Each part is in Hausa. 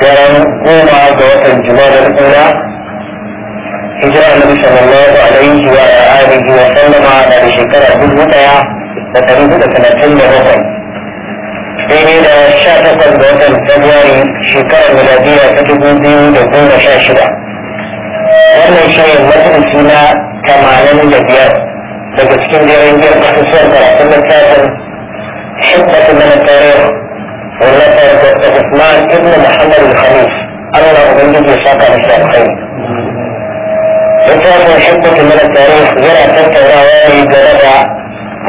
كان قوم عز وجل الجمال الأولى هجرة النبي صلى الله عليه وآله وسلم على رشكرة بالمتعة وتريد لكنا كل مرسل بين إلى الشاشة الوطن فبواري شكرة ملادية تجدون دين لكون شاشة ولا شيء مثل سينا كما لم يبيض سكين دير انجير قصصور فرح كل حبة من التاريخ ولد عثمان ابن محمد الخليف الله أبنجي ساقا للسابقين littafin shubbat min tarikh yana tattaunawa ne game da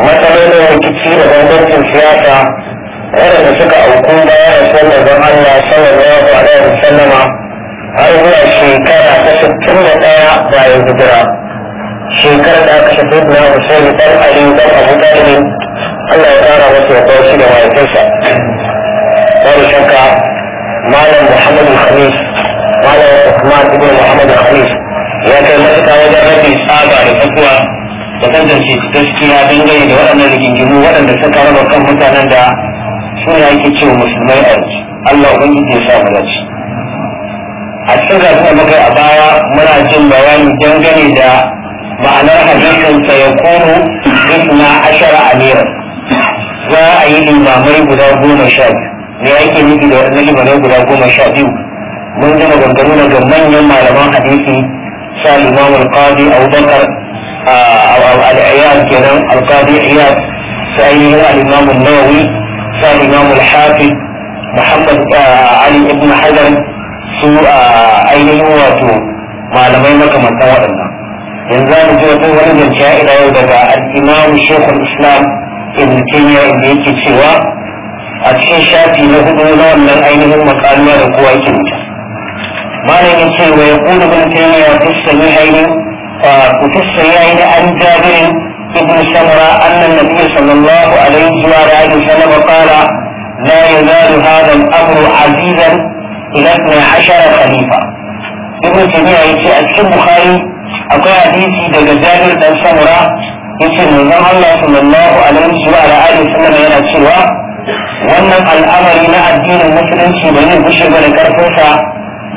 matsalolin rikici da bambancin siyasa waɗanda suka auku bayan rasuwar manzon Allah sallallahu alaihi wasallam har zuwa shekara ta sittin da ɗaya bayan hijira shekarar da aka shafi na Hussein ɗan Ali ɗan Abu Talib Allah ya ƙara masa ya kawo shi da mahaifinsa babu shakka malam muhammadu khamis malam usman ibn muhammadu khamis ya kai matuƙa wajen rabin tsaba da tsakuwa da tantance gaskiya dangane da waɗannan rigingimu waɗanda suka raba kan mutanen da suna yake cewa musulmai a yanzu allah ubangiji ya sa mu dace a cikin gasar muka a baya muna jin bayani dangane da ma'anar hadisin sa ya kono isna ashara amira za a yi limamai guda goma sha biyu me yake miki da waɗannan limanai guda goma sha biyu mun gina ji na ga manyan malaman hadisi sa imam alkadi abubakar al'ayyar kenan alkadi iyad sa ainihin al-imam an-nawawi sa imam alhafi muhammad ali ibn hajar su ainihin wato malamai makamanta waɗanda yanzu za mu ji wata wani zance ya ila yau daga al-imam shekul islam ibn taymiyyah inda yake cewa a cikin shafi na hudu na wannan ainihin makaliya da kowa yake wuta malam ya ce ya kudu bin taimaya fussani ainihin fussani ainihin an jabirin ابن سمرة أن النبي صلى الله عليه وآله وسلم قال لا يزال هذا الأمر عزيزا إلى 12 عشر خليفة ابن تيمية يتي أتكي البخاري أقول حديثي دقى جابر بن سمرة يتي من الله صلى الله عليه وآله وسلم يلا سوى wannan al'amari na addinin musulunci da yin gushe ba da karfinsa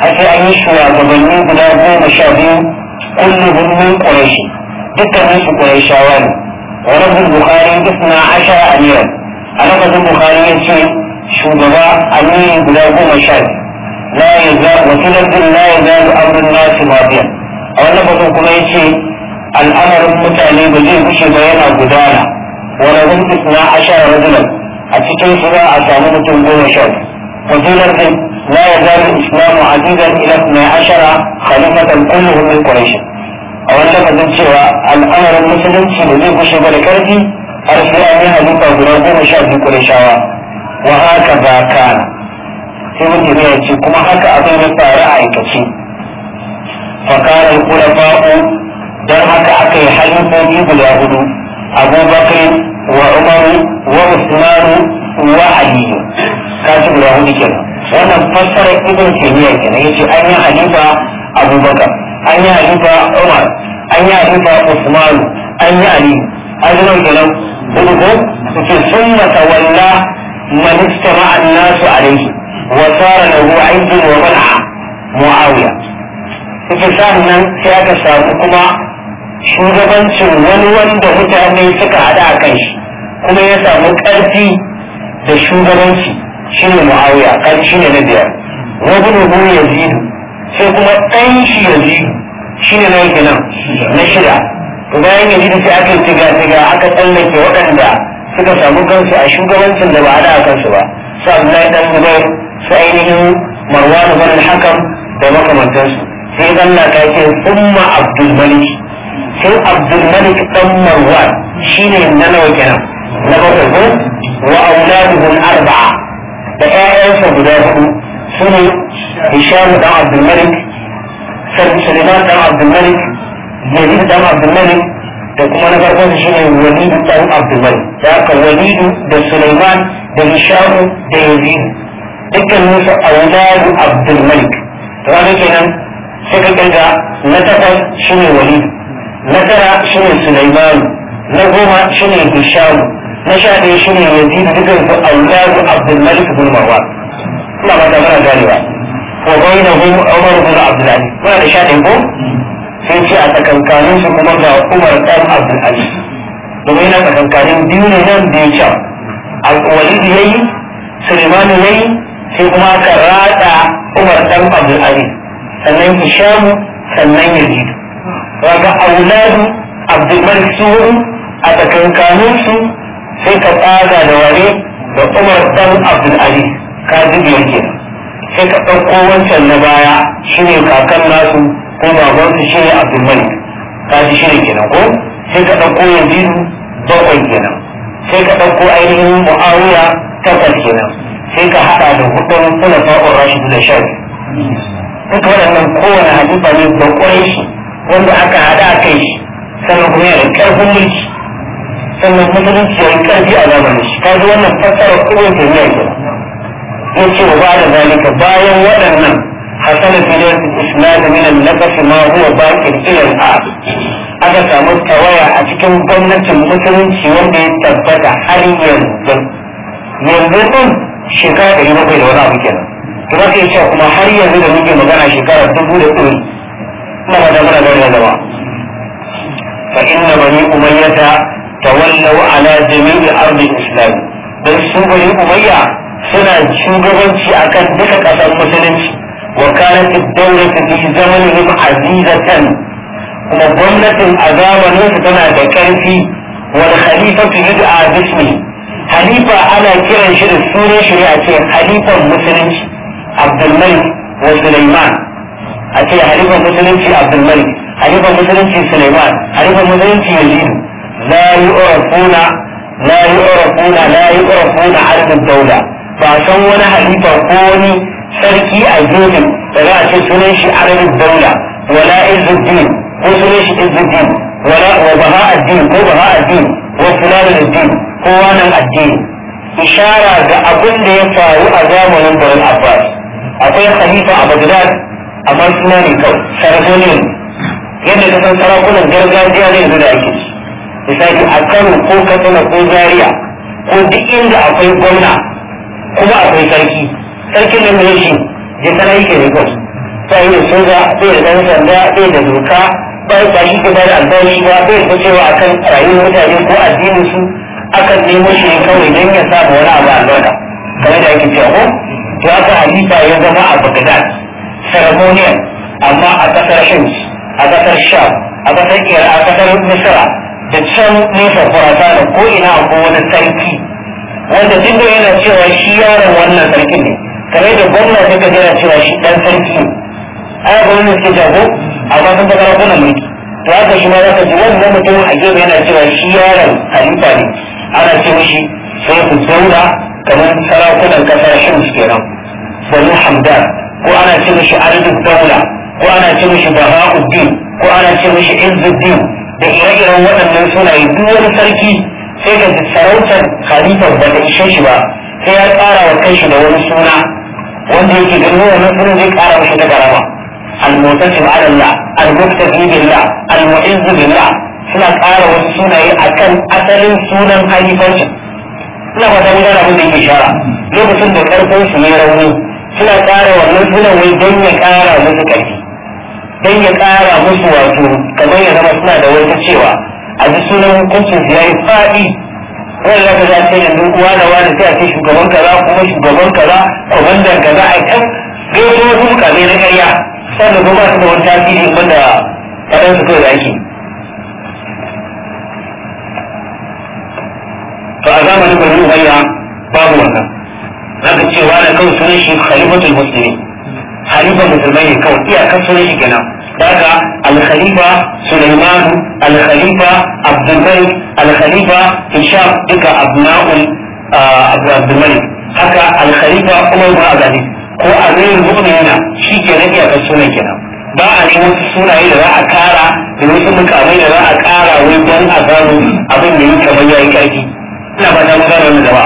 a sai an yi gabanni guda goma sha biyu kullu min ƙwarashi dukkanin su ƙwarashawa ne wa bukari bukhari isna asha a amiran a lafazin bukari ya ce shugaba a amiri guda goma sha biyu la yaza wa tilabdin la yazalu amrun nasi madiyan a wannan batun kuma ya ce al'amarin mutane ba zai gushe ba yana gudana wa rabbul isna asha rajulan a cikin su za a samu mutum goma sha fadilar din la yazal islam azizan ila mai 12 khalifatan kulluhum min quraish a wani lafazin cewa al'amarin musulunci da zai gushe da karfi har sai an yi halifa guda goma sha biyu qurayshawa wa haka ba kana sai mutum ya ce kuma haka abin ya faru a aikace فقال الخلفاء Don haka aka yi halifofi guda hudu abubakar وعمر وعثمان وعلي كاتب اليهود كده wannan fassara ibn taymiyyah kenan yace an yi halifa abubakar an yi halifa umar an yi halifa usman an yi ali an yi kenan uku suke summa tawalla man istama'a an-nasu alayhi wa sara wa suke sai aka samu kuma shugabancin wani wanda mutane suka haɗa a kan shi kuma ya samu ƙarfi da shugabanci shine muawiya ƙarfi ne na biyar wabnuhu yazidu sai kuma ɗan shi yazidu shine na yake nan na shida to bayan da sai aka yi tiga tiga aka tsallake waɗanda suka samu kansu a shugabancin da ba a da kansu ba su abdullahi dan zubair su ainihin marwan ibn hakam da makamantansu sai Allah ta ce umma abdul malik sai abdul malik dan marwan shine na nawa kenan نبتهم وأولادهم أربعة دقائق فبداهم سنة هشام بن عبد الملك سليمان بن عبد الملك يزيد بن عبد الملك da kuma na farkon shi ne walidu dan abdulmalik da aka walidu da sulaiman da hishamu da yazidu dukkan musu auladu abdulmalik to wani kenan sai ka kirga na takwas shi ne walidu na tara shi ne sulaiman na goma shi ne hishamu na sha ɗaya shi ne yanzu da duka yanzu auladu abdulmalik bin marwan ina ba ta mana ganewa ko bai na gun umar bin abdulaziz muna da sha ɗaya ko sai ce a tsakankanin su kuma ga umar ɗan abdulaziz domin yana tsakankanin biyu ne nan biyu can alwalidi ya yi sulemanu ya yi sai kuma aka rada umar ɗan abdulaziz sannan hishamu sannan yazid kaga auladu abdulmalik su a tsakankanin su sai ka tsaga da wani da umar dan abdul ali ka dubi yake sai ka ɗauko wancan na baya shi ne kakan nasu ko babansu shine abdul malik ka ji shine kenan ko sai ka ɗauko yazidu bakwai kenan sai ka ɗauko ainihin mu'awiya takwas kenan sai ka haɗa da hudun kuna fa'ur rashidu da shan duka waɗannan kowane hadisa ne ba ƙwarai shi wanda aka haɗa a kai shi sannan kuma yana ƙarfin mulki sannan musulunci ya yi karfi a zamanin shi zo wannan fassara ibn taymiya ke ya ce wa da zalika bayan waɗannan hasana bidar islam min al-naqas ma huwa baqi ila A aka samu tawaya a cikin gwamnatin musulunci wanda ya tabbata har yanzu yanzu din shekara ɗari bakwai da wani abu kenan to za ka yi cewa kuma har yanzu da muke magana shekara dubu da ɗari ina ba da mana gari na zama fa inna bani umayyata tawallau ala jami'i ardi islam dan su bani umayya suna shugabanci akan duka ƙasar musulunci wa kanat ad-dawlatu fi zamanihim azizatan kuma gwamnatin a zamanin tana da karfi wal khalifatu yud'a bismi khalifa ana kiran shi da sunan a ce khalifan musulunci abdulmalik a ce musulunci musulunci musulunci لا يعرفون لا يعرفون لا يعرفون عدد الدولة فعشان وانا حديثة قولي سركي أجوزي فلا تسولي شيء عدد الدولة ولا إز الدين وسولي إز الدين ولا وبهاء الدين وبهاء الدين وفلان الدين وانا الدين إشارة أقول لي فارو أزام ونبر الأباس أقول خليفة أبدلات أمان سناني كو سرزوني يدري أن سراكونا جرزان ديالي زدائي misali a kano ko katsina ko zaria ko duk inda akwai gwamna kuma akwai sarki sarkin da mai shi je sana yake ne kwas sai da soja yi da sanda sai da doka bai ba shi ke da albashi ba bai da cewa kan rayuwar mutane ko addinin su akan nemo shi kawai don ya samu wani abu a albarka kamar da ake cewa ko to haka halifa ya zama a bagdad ceremonial amma a kasar shams a kasar sham a kasar iran a kasar misra da can nesa kurata da ko ina ko wani sarki wanda duk da yana cewa shi yaron wannan sarki ne kamar da gwamna duka yana cewa shi dan sarki ne a yi gwamna ke jago amma sun taɓa rakunan mulki to haka shi ma za ka ji wannan mutum a gefe yana cewa shi yaron halifa ne ana ce mishi sai ku zauna kamar sarakunan kasashen su kenan bani hamdan ko ana ce mishi arzik daula ko ana ce mishi baha'uddin ko ana ce mishi izzuddin da ire-iren waɗannan sunaye duk wani sarki sai da sarautar khalifar ba ta ishe shi ba sai ya ƙara wa kanshi da wani suna wanda yake ganin wannan sunan zai ƙara mashi ta garama al-mutasim ala al-muktafi billah al-mu'izz billah suna ƙara wasu sunaye akan asalin sunan khalifarci ina fata mun abin da yake shara lokacin da karfin su ne rauni suna ƙara wannan sunan wai don ya ƙara musu karfi don ya ƙara musu wato kamar ya zama suna da wata cewa a ji sunan hukuncin ya yi faɗi wani zaka za ta yanzu wane wane sai a ce shugaban kaza kuma shugaban kaza kwamandan kaza a can gaisa wasu mukamai na ƙarya sannan kuma su da wani tasiri wanda faɗan su kawai ake to a zamanin bari ubayya babu wannan zaka ce wane kawai sunan shi khalifatul muslimin halifa musulmai ne kawai iyakar sunan shi kenan daga alkhalifa sulaiman alkhalifa abdulmalik alkhalifa hisham duka abna'ul ah, haka alkhalifa umar bin abdulaziz ko amirul mu'minina shi kenan iyakar sunan kenan ba a ne wasu sunaye da za a kara da wasu mukamai da za a kara wai don a gano abin da yi kamar yayi karfi ina ba ta magana da ba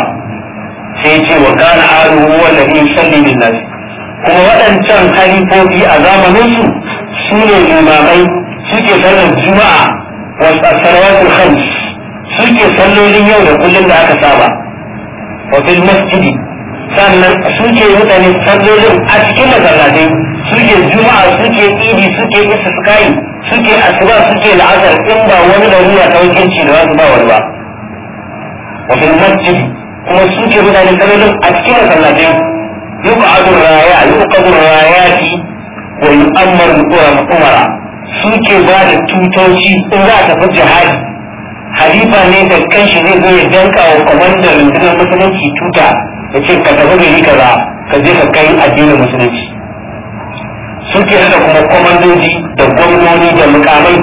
sai ce wa kana aruhu wallahi yusalli lin nas kuma waɗancan kalifofi a zamaninsu su ne imamai suke sallar juma'a wasu salawatul khams suke sallolin yau da kullum da aka saba wa masjidi sannan suke mutane sallolin a cikin masallatai suke juma'a suke idi suke istiskai suke asuba suke la'asar in ba wani larura ta wakilci da wasu ba wani ba wa masjidi kuma suke mutane sallolin a cikin masallatai يبعد الرايات يوقظ الرايات ويؤمر الأمراء suke ba da tutoci in za a tafi jihadi halifa ne da kanshi zai zo ya danka wa kwamandan rundunar musulunci tuta da ce ka tafi gari kaza ka je ka kai addinin musulunci suke da kuma kwamandoji da gwamnoni da mukamai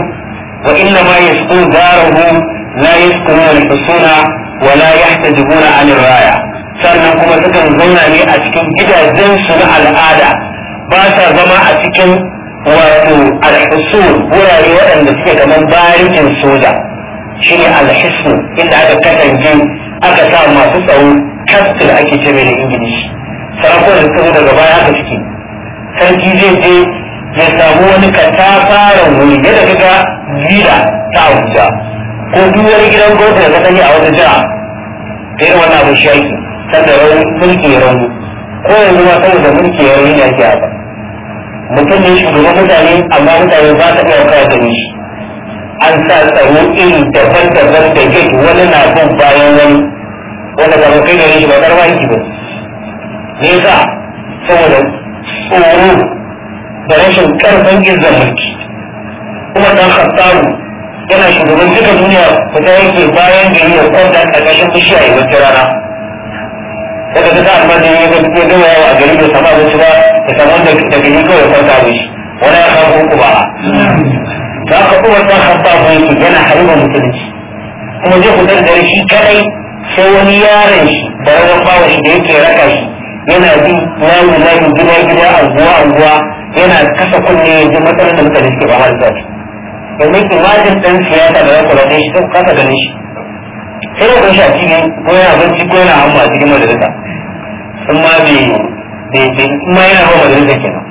wa inna ma yasqu darahu la yasquna al-husuna wa la yahtajibuna 'ala raya sannan kuma sukan zauna ne a cikin gidajensu na al'ada ba sa zama a cikin wato al'usul wurare waɗanda suke kamar barikin soja shi ne al'hisu inda aka kasance aka sa masu tsaro kastil ake ce mai da ingilishi sarakunan da suka daga baya aka ciki sarki zai je ya samu wani katafaren wuri yadda kaga lida ta abuja ko duk wani gidan gwamnati da ka sani a wata jiha ta yi wani abin shaki saboda rauni mulki ya rauni ko yanzu ma saboda mulki ya rauni ake haka mutum ne shugaban mutane amma mutane ba ta iya kawo da shi an sa tsaro iri daban-daban da ke wani na bin bayan wani wanda ba kai da shi ba karfa yake ba me sa saboda tsoro da rashin karfin izan mulki kuma dan hasaru, yana shugaban duka duniya fita yake bayan gari ya kwanta a ƙarƙashin bishiya ya wata rana daga ta ta almajin ya ga gama yawa a gari da sama da shi ba ta samu da ta kawai farka da shi wani ya ko kuma ba ka kuma ta haɓa mai su yana harba mutunci kuma zai fitar da shi kadai sai wani yaron shi da rawan bawa shi da yake raka shi yana bi lamu lamu gida gida a anguwa yana kasa kunne ya ji matsalar da mutane suke ba har yanzu domin imajin ɗan siyasa da ya kula da shi sun kasa ganin shi kada kun shi a cikin ko yana barci ko yana amma a cikin majalisa sun ma bai ma yana ba majalisa kenan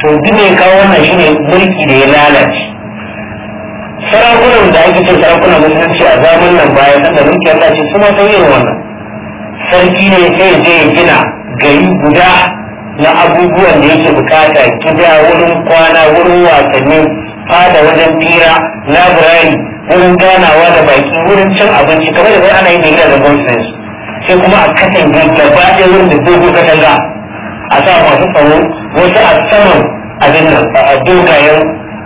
to duk da kawo wannan shi ne mulki da ya lalace sarakunan da ake ce sarakunan musulunci a zaman nan bayan nan da mulki Allah ce su ma sun wannan sarki ne sai je ya gina gari guda na abubuwan da yake bukata gida wurin kwana wurin wasanni fada wajen fira labirari wurin ganawa da baki wurin cin abinci kamar da ana yi da da conference sai kuma a kasan gaba ɗaya wurin da dogo katanga a sa masu tsaro wasu a saman abin nan a dogayen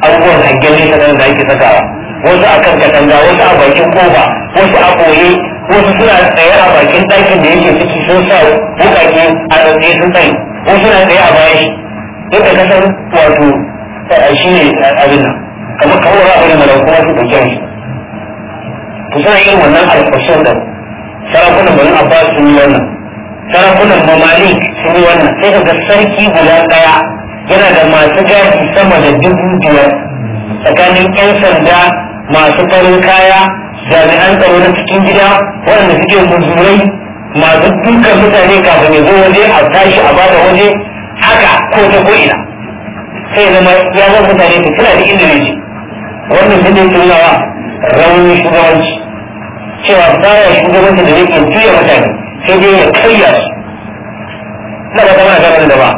abubuwan hangen nesa da da ake sakawa wasu a kan katanga wasu a bakin kofa wasu a koye wasu suna tsaye a bakin ɗakin da yake ciki sun sa wukake a tsaye sun tsaye wasu na tsaye a bayan shi da kasar wato shi ne abin nan kamar kawo ra'ayin malam kuma su ɗauke shi to suna yin wannan alƙusur da sarakunan bani abbas sun yi wannan sarakunan mamali sun yi wannan sai kaga sarki guda ɗaya yana da masu gadi sama da dubu biyar tsakanin 'yan sanda masu farin kaya jami'an tsaro na cikin gida waɗanda suke muzurai masu dukkan mutane kafin ya zo waje a tashi a bada waje haka ko ta ko'ina sai zama ya zama mutane su kula da inda ne wannan sun ne tunawa raunin shugabanci cewa baya shugabanci da yake juya mutane sai dai ya karya su na ba zama da ba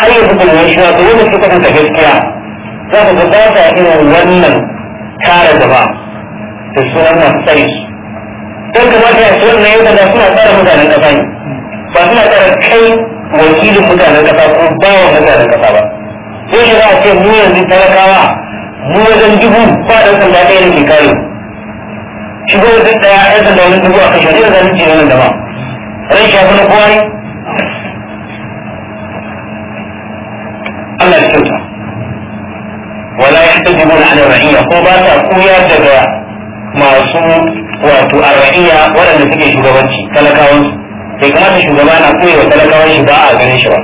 har yanzu da ne shi wato wanda suka kanta gaskiya za ka ga ba ta irin wannan da ba da sunan na tsari su don kamata ya sunan na yau da suna tsara mutanen kasa ne ba suna tsara kai wakilin mutanen kasa ko bawa mutanen kasa ba sai shi za a ce mu yanzu talakawa mu wajen dubu ba da sanda ɗaya ne ke kare shi da wajen daya ya san wani dubu a kan shi da zalunci ne nan da ba ran shafi na kowa Allah ya kyauta wala ya ta jibu na ana ra'iya ko ba ta koya daga masu wato a ra'iya waɗanda suke shugabanci talakawansu bai kamata shugaba na koya wa talakawan shi ba a ganin shi ba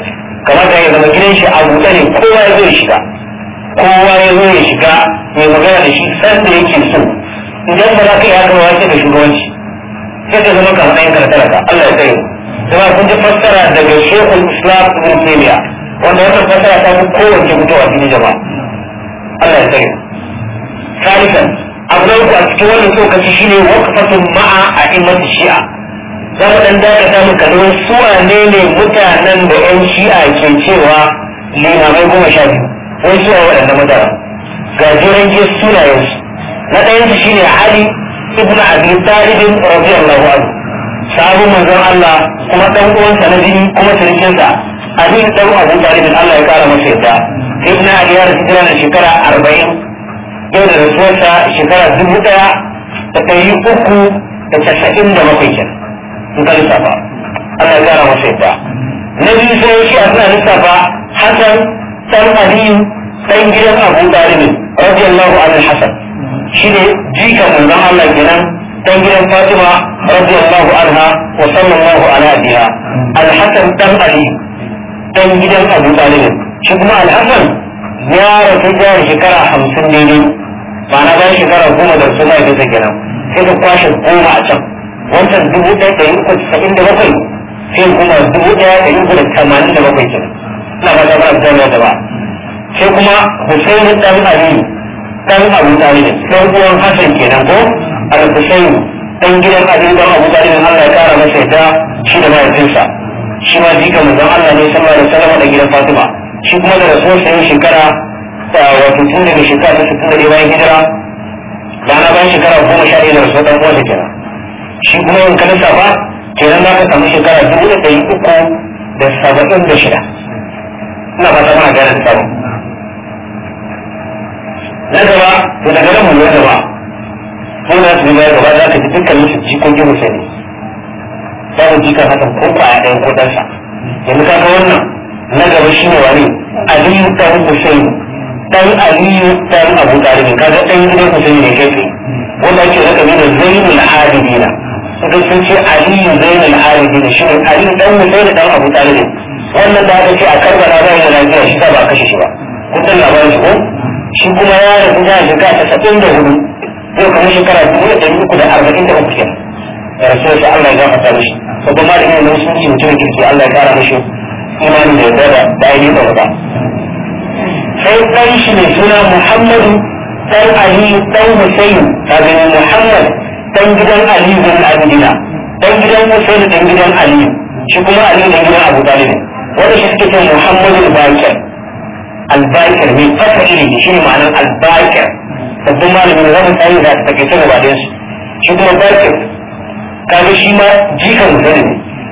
Kamar kamata ya zama gidan shi a buɗe ne kowa ya zo ya shiga kowa ya zo ya shiga mai magana da shi san da yake so idan ba za ka iya kama wani da shugabanci sai ka zama kamar yan karkarata Allah ya tsaye zama kun ji fassara daga shekul islam ibn taymiya wanda wannan fassara ta fi kowace mutuwa cikin jama'a Allah ya tsaye salisan abu na uku a cikin wannan tsokaci shine waqfatun ma'a a immatu shi'a za mu dan dakata mu kalli su wane ne mutanen da yan shi'a ke cewa limamai goma sha biyu wani a waɗanda mutane ga jiran sunayensu na ɗaya su shine ali ibn abi talib radiyallahu anhu manzon Allah kuma dan uwansa na jini kuma sirkin sa ali dan abu talib Allah ya kara masa yadda ibn ya rasu shekara 40 yau da rasuwarsa shekara da uku da da lissafa Allah ya kara masa yadda na biyu sai shi a suna lissafa aliyu dan gidan abu talib radiyallahu anhu hasan shi ne manzon Allah kenan dan gidan Fatima radiyallahu anha wa sallallahu ala biha al-Hasan dan Ali dan gidan Abu Talib shi kuma al-Hasan ya rasu da shekara hamsin daidai ma'ana bayan shekara goma da su mai bisa kenan sai da kwashe goma a can wancan dubu ɗaya da yin kwanci sa'in da bakwai sai kuma dubu ɗaya da yin kwanci tamanin da bakwai kenan na ba ta ba da ba sai kuma Hussein dan Ali dan abu talibin dan uwan hasan kenan ko al-husayn dan gidan abin da abu talibin Allah ya kara masa yadda shi da mahaifinsa shi ma jika manzon Allah ne sallallahu alaihi wasallam da gidan Fatima shi kuma da rasuwar sa shekara ta wato tun daga shekara ta 61 bayan hijira rana bayan shekara goma sha ɗaya da rasuwar dan uwansa kenan shi kuma yin kanisa ba kenan za ka samu shekara dubu da ɗari uku da saba'in da shida ina ba ta mana ganin samu na gaba da daga nan mun gaba wannan su ne gaba za ka ji dukkan musu jikokin Hussein za ka ji kan hakan ko kwaya ɗayan ko ɗansa yanzu ka ga wannan na gaba shi ne wani Aliyu ɗan Hussein ɗan Aliyu ɗan Abu Talib kaga ɗan yi gidan Hussein ne kai kai wanda ake rakami da Zainul na. Suka sun ce Aliyu Zainul Abidina shi ne Aliyu ɗan da ɗan Abu Talib wannan da aka ce a Karbala yi yana lafiya shi ta ba kashe shi ba kun labarin shi ko shi kuma ya rabu ya shiga ta sabin da hudu zai kuma shekara biyu da ɗari uku da arba'in da uku kenan da rasu shi Allah ya gafarta mishi babban malamin nan sun ce mutum kirki Allah ya kara mishi imani da yarda da ainihin da wata sai ɗan shi mai suna Muhammadu ɗan Aliyu ɗan Hussein kaga Muhammad ɗan gidan Aliyu bin Abidina ɗan gidan Hussein ɗan gidan Aliyu shi kuma Aliyu ɗan gidan Abu Talib wanda shi suke ce Muhammadu Bakir albakir mai fasa ilimi shi ne ma'anar albakir sabbin malamin zamu tsayi da take ta gaba da su shi kuma bakir kaga shi ma jikan Hussein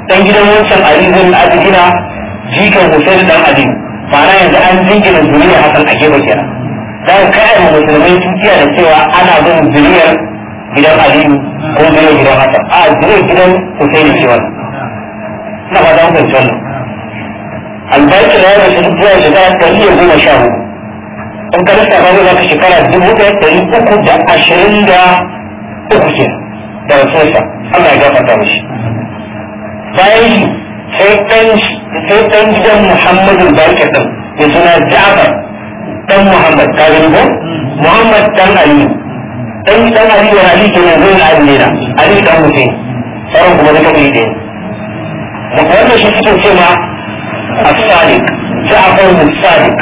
dan gidan wancan Ali zai gina jikan Hussein dan Ali ma'ana yanzu an jingina zuriya hasan a gefe da ka kai mu musulmai tukiya da cewa ana bin zuriyar gidan Ali ko zuriyar gidan Hassan a zuriyar gidan Hussein ce wannan na ba za mu fahimci wannan albashi na yawon zuwa shekara ɗari da goma sha hudu in ka lissa ba zai zaka shekara dubu da ɗari uku da ashirin da uku ke da rasuwarsa Allah ya gafarta mishi bayan shi sai ɗan gidan Muhammadu Barka ɗin da suna Ja'far ɗan Muhammad ta gani ko Muhammad ɗan Ali ɗan ɗan Ali wani Ali ke nan zai Ali ne na Ali ɗan Hussein sauran kuma da kabi ɗaya. Wannan shi suke ce ma as-sadiq ja'far bin sadiq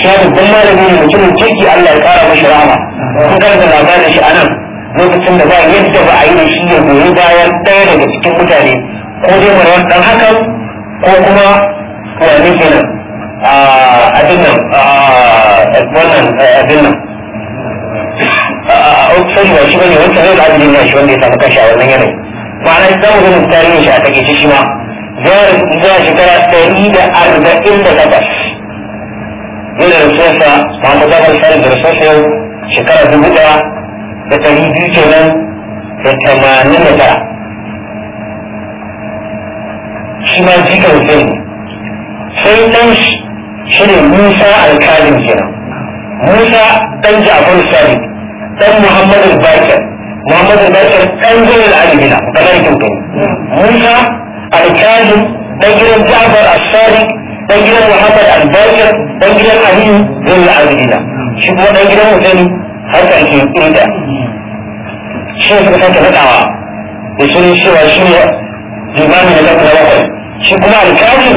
shi babban malami ne mutumin kirki Allah ya kara mashi rahama kun karanta labarin shi anan lokacin da ba yadda ba a yi shi ya goyi bayan ɗaya daga cikin mutane ko dai marwan dan hakan ko kuma wani abin nan wannan abin nan sai ba shi wancan zai ba abin shi wanda ya samu kashi a wannan yanayi ma'ana idan mutum tarihin shi a take shi ma ya rubuta shekara ɗari da arba'in da takwas yana da sosa mamu zabar sarar da sosa yau shekara dubu da da ɗari biyu kenan da tamanin da tara shi ma jikin mutum sai ɗan shi ne musa alkalin kenan musa ɗan jafar sadiq ɗan muhammad al-bakir muhammad al-bakir ɗan jiran al-adibina da mai kyautu musa alkali dan gidan jafar ashari dan gidan muhammad albashir dan gidan aliyu zai yi azumina shi kuma dan gidan mutum har karshe inda shi ne suka sake faɗawa da sunan cewa shi ne limami na kafin bakwai shi kuma alkali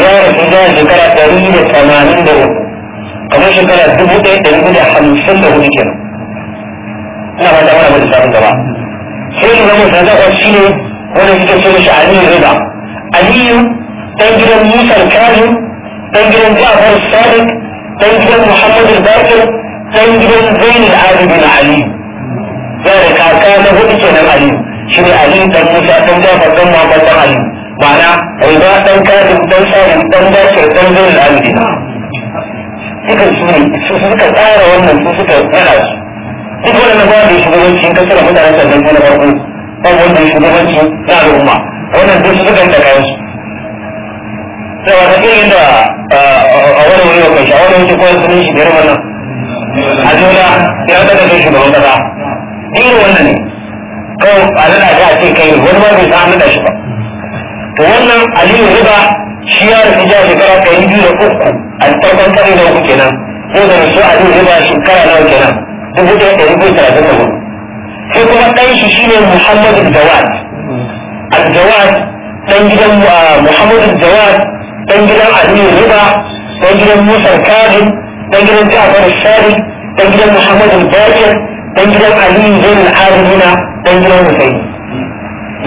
ya rasu zuwa shekara ɗari da tamanin da uku kamar shekara dubu ɗaya da dubu da hamsin da hudu kenan ina ba da wani abu da sabon gaba sai limami na kafin shi ne wanda suke ce mishi aliyu riba aliyu ɗan gidan musa kazim ɗan gidan ja'far sadiq ɗan gidan muhammad al-bakir ɗan gidan zain al-abidin aliyu ya da kaka na hudu kenan aliyu shi ne aliyu ɗan musa ɗan ja'far ɗan muhammad ɗan aliyu ma'ana riba ɗan kazim ɗan sadiq ɗan bakir ɗan zain al-abidin duka su ne su suka tsara wannan su suka tsara su duk wani na ba da shugabancin kasar mutanen sandan na farko kan wannan shugabancin na al'umma wannan duk su suka yi kayan su sai wata irin da a wani wani wa kanshi a wani wuce kawai sun shi biyar wannan a nuna ya daga kai shugaban kasa irin wannan ne kawai a nada shi a ce kai wani ma bai san nada shi ba to wannan aliyu riba shi ya rufe jiya shekara ɗari biyu da uku a farkon ƙarni na uku kenan ko da su aliyu riba shekara nawa kenan dubu ɗaya ɗari biyu talatin da hudu sai kuma ɗan shi shine Muhammad Jawad al-Jawad dan gidan Muhammad Jawad dan gidan Ali Riba dan gidan Musa Kazim dan gidan Ja'far Sadiq dan gidan Muhammad Bakir dan gidan Ali Zain al-Arabina dan gidan Husayn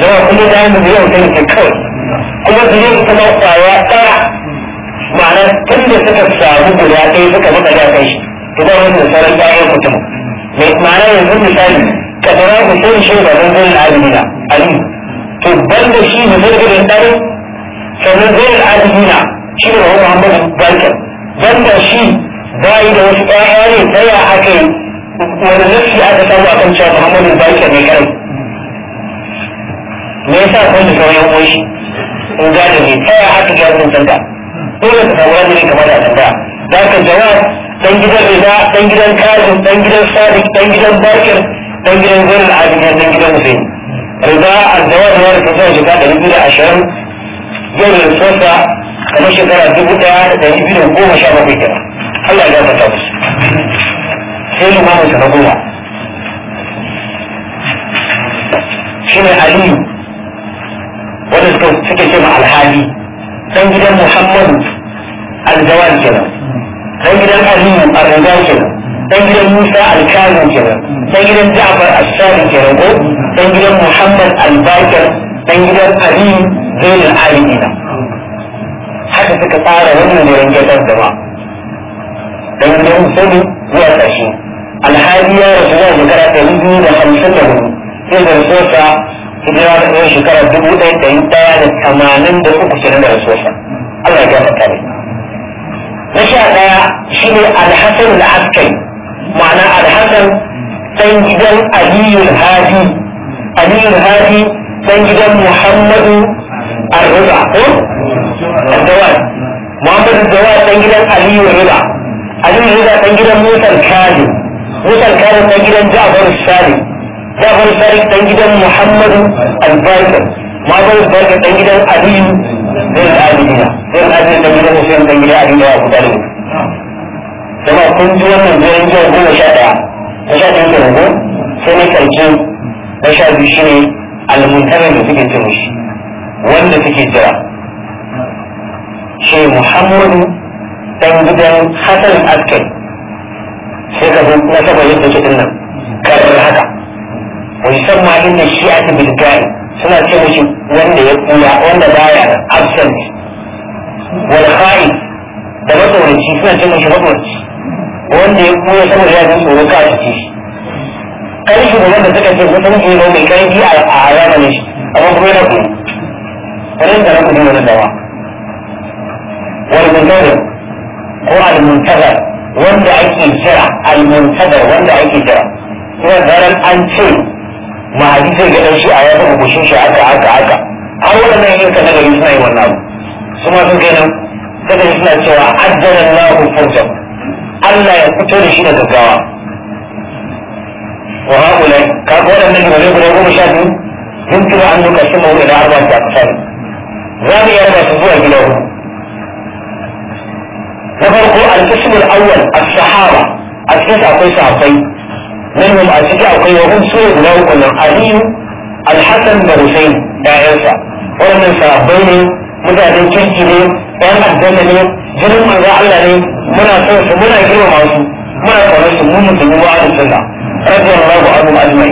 jama'a kuma da mu biyan kai ke kawai kuma zuri kuma kwaya ɗaya ma'ana tun da suka samu guda ɗaya suka maka da kai shi to ba wannan sauran ɗayan mutum ma'ana yanzu misali kadara ku sai shi da zanzan alimina alim to banda shi zai da zanzan dare sannan zai alimina shi ne wa Muhammad Bakir banda shi bai da wasu ƴaƴa ne ta ya aka yi wani nasi aka samu akan cewa Muhammad Bakir ne kai me yasa kun da sauran uwan shi in gane ne ta ya aka ga wannan sanda dole ka samu rajin kamar da sanda za ka jawab dan gidan Ida dan gidan Kazim dan gidan Sadiq dan gidan Bakir تنجنزل عجزة تنجنزل رضا الزواج هو الفتاة شكاة تنجنزل عشان دور الصفة كما شكرا تبوتا تنجنزل وقوم شعبا بكرا الله جاء تتابس سيلو ما متنبوها شنو عليم ولا تكون مع الحالي تنجد محمد الزواج كذا تنجد الحليم الرجال كذا تنجد موسى الكاذب كذا dan gidan Ja'far As-Sadiq ya rago dan gidan Muhammad Al-Bakir dan gidan Ali Zainul Abidin haka suka fara wannan rangatar da ba dan gidan Musulmi ya tashi alhali ya rasu da shekara ta yi da hamsin da hudu sai da rasuwarsa hijira da ɗaya shekara dubu ɗaya da ɗaya da tamanin da uku kenan da rasuwarsa Allah ya gafarta mai na sha ɗaya shi ne alhassan da askari ma'ana alhassan ɗan gidan aliyul hadi aliyul hadi ɗan gidan muhammadu al ko al muhammadu al-dawad gidan aliyul ruba aliyul ruba ɗan gidan musa al-kadi musa al-kadi gidan ja'far al-sari ja'far al-sari gidan muhammadu al muhammadu al-bakir gidan aliyu zai al-adina zai al-adina gidan musa ɗan gidan aliyu wa abu talib jama'a kun ji wannan zai yi goma sha na sha biyu kenan ko sai na karshe na sha biyu shi ne almuntarin da suke cin mushi wanda suke jira shi muhammadu dan gidan hasan askari sai ka zo na saba yadda ke dinnan karar haka wani san ma inda shi ake bilgani suna ce mushi wanda ya kuya wanda baya absent wal kha'i da matsoranci suna ce mushi matsoranci wanda ya koya saboda ya ji tsoro ka ciki kai shi da suka ce mutum shi ne mai karfi a zamanin ne. amma kuma yana ku. wani da na kuma wani wa wani mutum ko al wanda ake jira al wanda ake jira kuma zaran an ce mahadi zai ga dan shi a yaba kushin shi aka-aka-aka. har wannan yin ka daga suna yi wannan abu su ma sun kai nan suna cewa ajjalallahu fursahu Allah ya fito da shi da gaggawa wa haƙula ka ga waɗannan gole guda goma sha biyu mun tura an duka shi mawuri da arba ta kusan za mu yarda su zuwa gida uku na farko al-qismul awwal as-sahaba a cikin akwai sahabbai minhum a ciki akwai wa hum sura guda uku nan aliyu al-hasan da husain da yansa waɗannan sahabbai ne mutanen kirki ne ɗan aljanna ne jirin manzo Allah ne muna son su muna girmama su muna kaunar su mun musulmi wa ahlus sunna radiyallahu anhum abu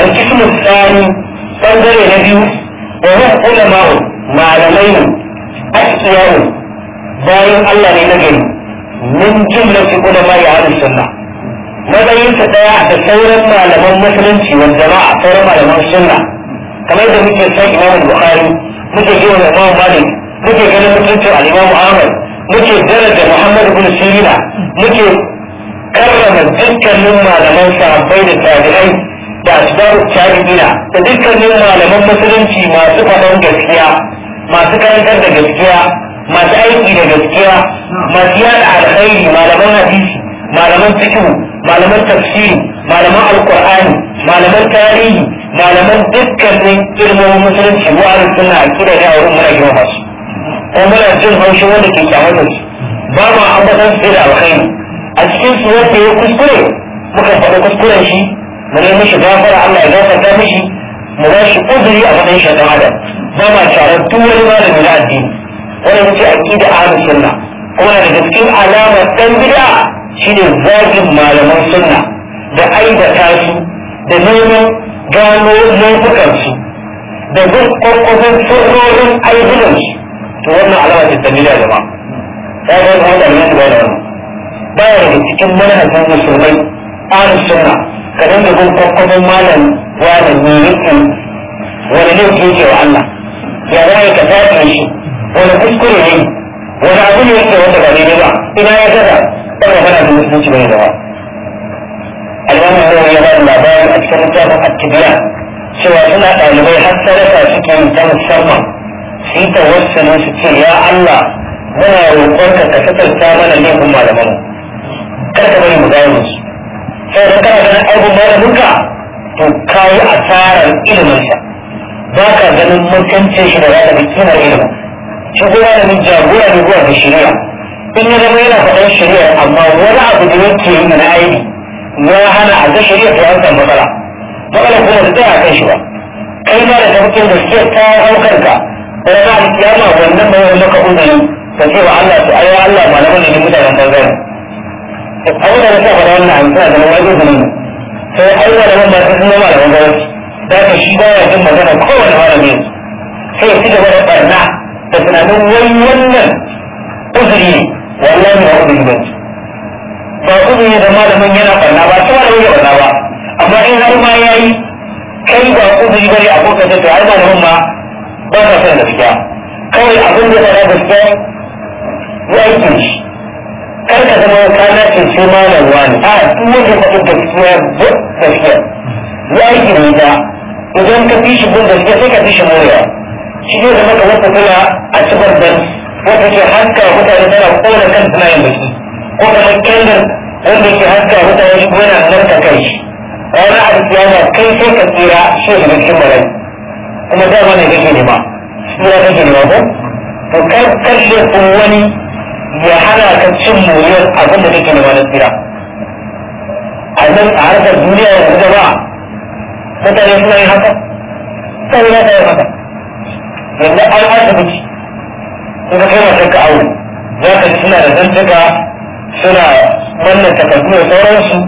al-qismu tsani bangare na biyu wa kula ulama'u malamai ne asiyawu bayan Allah ne na gari min jumlati ulama'i ahlus sunna matsayinsa ɗaya da sauran malaman musulunci wal jama'a sauran malaman sunna kamar da muke san imamu bukhari muke yi wa imamu malik muke ganin mutuncin al'imamu ahmad muke daraja muhammad ibn sirina muke karrama dukkanin malaman sahabbai da tabi'ai da asbabu tabi'ina da dukkanin malaman musulunci masu faɗan gaskiya masu karantar da gaskiya masu aiki da gaskiya masu yada alkhairi malaman hadisi malaman fiqh malaman tafsiri malaman alqur'ani malaman tarihi malaman dukkanin ilmomin musulunci wa'azin sunna akida da wurin muna girma ai muna jin haushin wanda ke kyamata su ba ma ambatan su da alkhairi a cikin su wanda ya kuskure muka faɗi kuskuren shi mu ne mishi gafara Allah ya gafarta mishi mu ba shi uzuri a matsayin shi da ba ma tare duk wani malami na addini wannan yake aqida ahlus sunna kuma da cikin alamar dan bid'a shine zagin malaman sunna da aibata su da neman gano laifukansu da bin kwakwazon tsoron aibinansu wannan alama ce dalila da ba ta ga wani wanda ne ba da baya daga cikin manhajin musulmai ahlus sunna ka dinga bin kwakwabin malam wani ne yake wani ne yake wa Allah ya zai ka tafi shi wani kuskure ne wani abu ne yake wanda ba daidai ba ina ya gaza ba magana da musulunci bane da ba الإمام النووي يضع الأبان أكثر من التبيان سوى سنة أهل بيت حتى لك سكن تم السمم shi tawassulin su ce ya Allah muna roƙonka ka kasarta mana kuma da mamu karka bari mu gane musu sai da kana ganin aibun aibin malaminka to kayi ilimin sa ba ka ganin mutuncin shi da ya da kimar ilimin shi ko da malamin jagora ne zuwa ga shari'a in ya zama yana faɗan shari'a amma wani abu da yake yi na aibi ya hana a ga shari'a ta yanka matsala matsalar kuma da tsaya kan shi ba kai ma da da gaskiya ta haukar ka ranar alkiyama wannan ba wani maka uzuri ka ce wa Allah to ayo Allah malaman ne mutanen bangaren abu da na sa faɗa wannan an sa zama wani uzurin sai ai malaman ba su kuma malaman gwamnati da ka shi ba ya jin magana kowane ne, sai ya da gaba da ɓarna da tunanin wani wannan uzuri ne wallahi ba uzuri ba ba uzuri da malamin yana ɓarna ba ta malamin ya ɓarna ba amma in har ma ya yi kai ba uzuri ba a kusa da ta har malamin ma ba sa son gaskiya kawai abin da tsara gaskiya ya yi shi kar ka zama ka nace sai malam wani a duk wajen ka gaskiya duk gaskiya ya aiki da idan ka fi shi bin gaskiya sai ka fi shi moriya shi ne da maka wata tana a cibar da ka ke haska mutane tana kona kan tana yin baki ko kamar kendir wanda ke haska mutane shi kuma yana nan ta kai shi ranar na kai sai ka tsira shi da cikin malaka kuma da dama ne kake nema suna kake nema ko to kar kalle wani ya hana ka cin moriyar abin da kake nema na tsira a nan a harkar duniya yanzu da ba mutane suna yin haka sai na ta yi haka yanzu an asibiti kuma kai masu ka awo za ka suna da zantuka suna wannan takardu da sauransu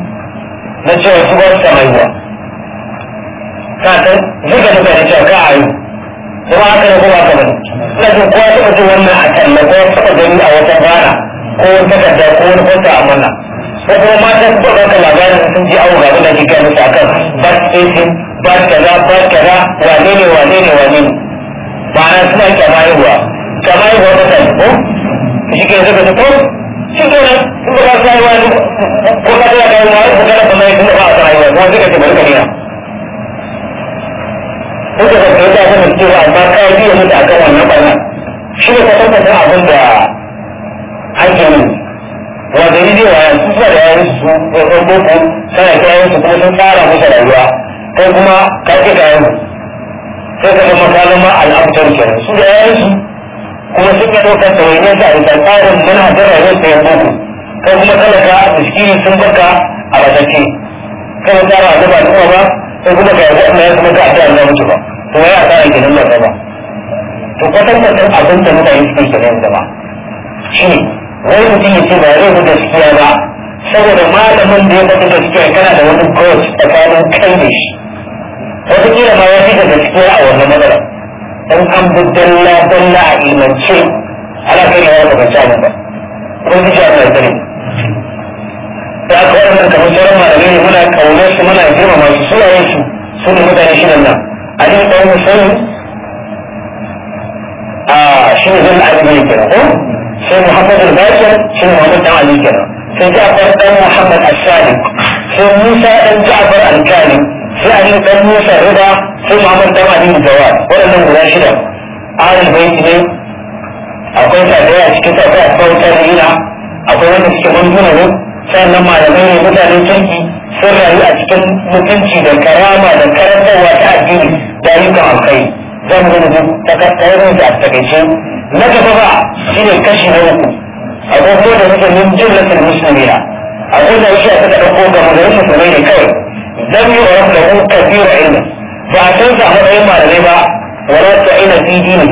na cewa su ba su haihuwa ka san zuga zuga da kyau ka ayu kuma haka da kuma haka bane ina jin kowa taɓa jin wannan a kan na kowa taɓa gani a wata fara ko wani takarda ko wani kwanta a ko kuma mata su ba ka labarin sun ji awo gaban da ke kai musu kan ba spacing ba kaza ba kaza wane ne wane ne wane ne ba na suna kyamayewa kyamayewa ta kai ko shi ke zaka zuga shi ke nan in ba ka yi wani ko ka tana kai wani ko ka ba a sa yi wani ko zai ka ce bari ka suka da kai da sanin cewa amma ka biya mutu a kan wannan barna shi ne ka tabbata abin da ake yi wanda yi ne wayan su suna da yayin su ɗan boko suna kiyayen su kuma sun fara musu rayuwa kai kuma ka ke da yayin sai ka zama ka zama al'abtar kenan su da yayin su kuma sun yi ɗaukar tawayyar da alƙar tsarin manhajar rayuwar su ya boko kai kuma talaka miskini sun baka a matake kai tsara da ba ba sai kuma ga yabo ya kuma ga addu'a ya mutu ba to ya ta yi gidan Allah ba to kwatan da san abin da muka yi cikin gidan da ba shi wai mutum ya ce ba zai fi gaskiya ba saboda malamin da ya fi gaskiya kana da wani gos tsakanin kai da shi wata kila ma ya fi da gaskiya a wannan matsala dan an bi dalla dalla a imance ala kai ya wata bacci ba ko ji Allah ya da aka waɗannan kamar sauran malamai ne muna ƙaunar su muna girmama su suna yin su su ne mutane shi nan a yin ɗan musulmi a shi ne zan ali ne kenan ko sai muhammad al-bashir shi ne muhammad dan ali kenan sai ja'far dan muhammad as-sadiq sai musa dan ja'far al-kani sai ali dan musa riba sai muhammad dan ali jawad waɗannan guda shida ahlul bayt ne akwai sadaya cikin sadaya akwai tarihina akwai wanda suke manzuna ne sannan malamai ne mutane kirki sun rayu a cikin mutunci da karama da karantarwa ta addini da ayyukan kai zan yi da ta kattarin da takaice na gaba ba shi ne kashi na uku A abubuwa da suke min jirgin musulmiya a da shi a ta ɗauko ga magarin musulmai ne kawai zan yi wa rafi da biyu a ilmi ba a san sa matsayin malamai ba wala a ina fi ne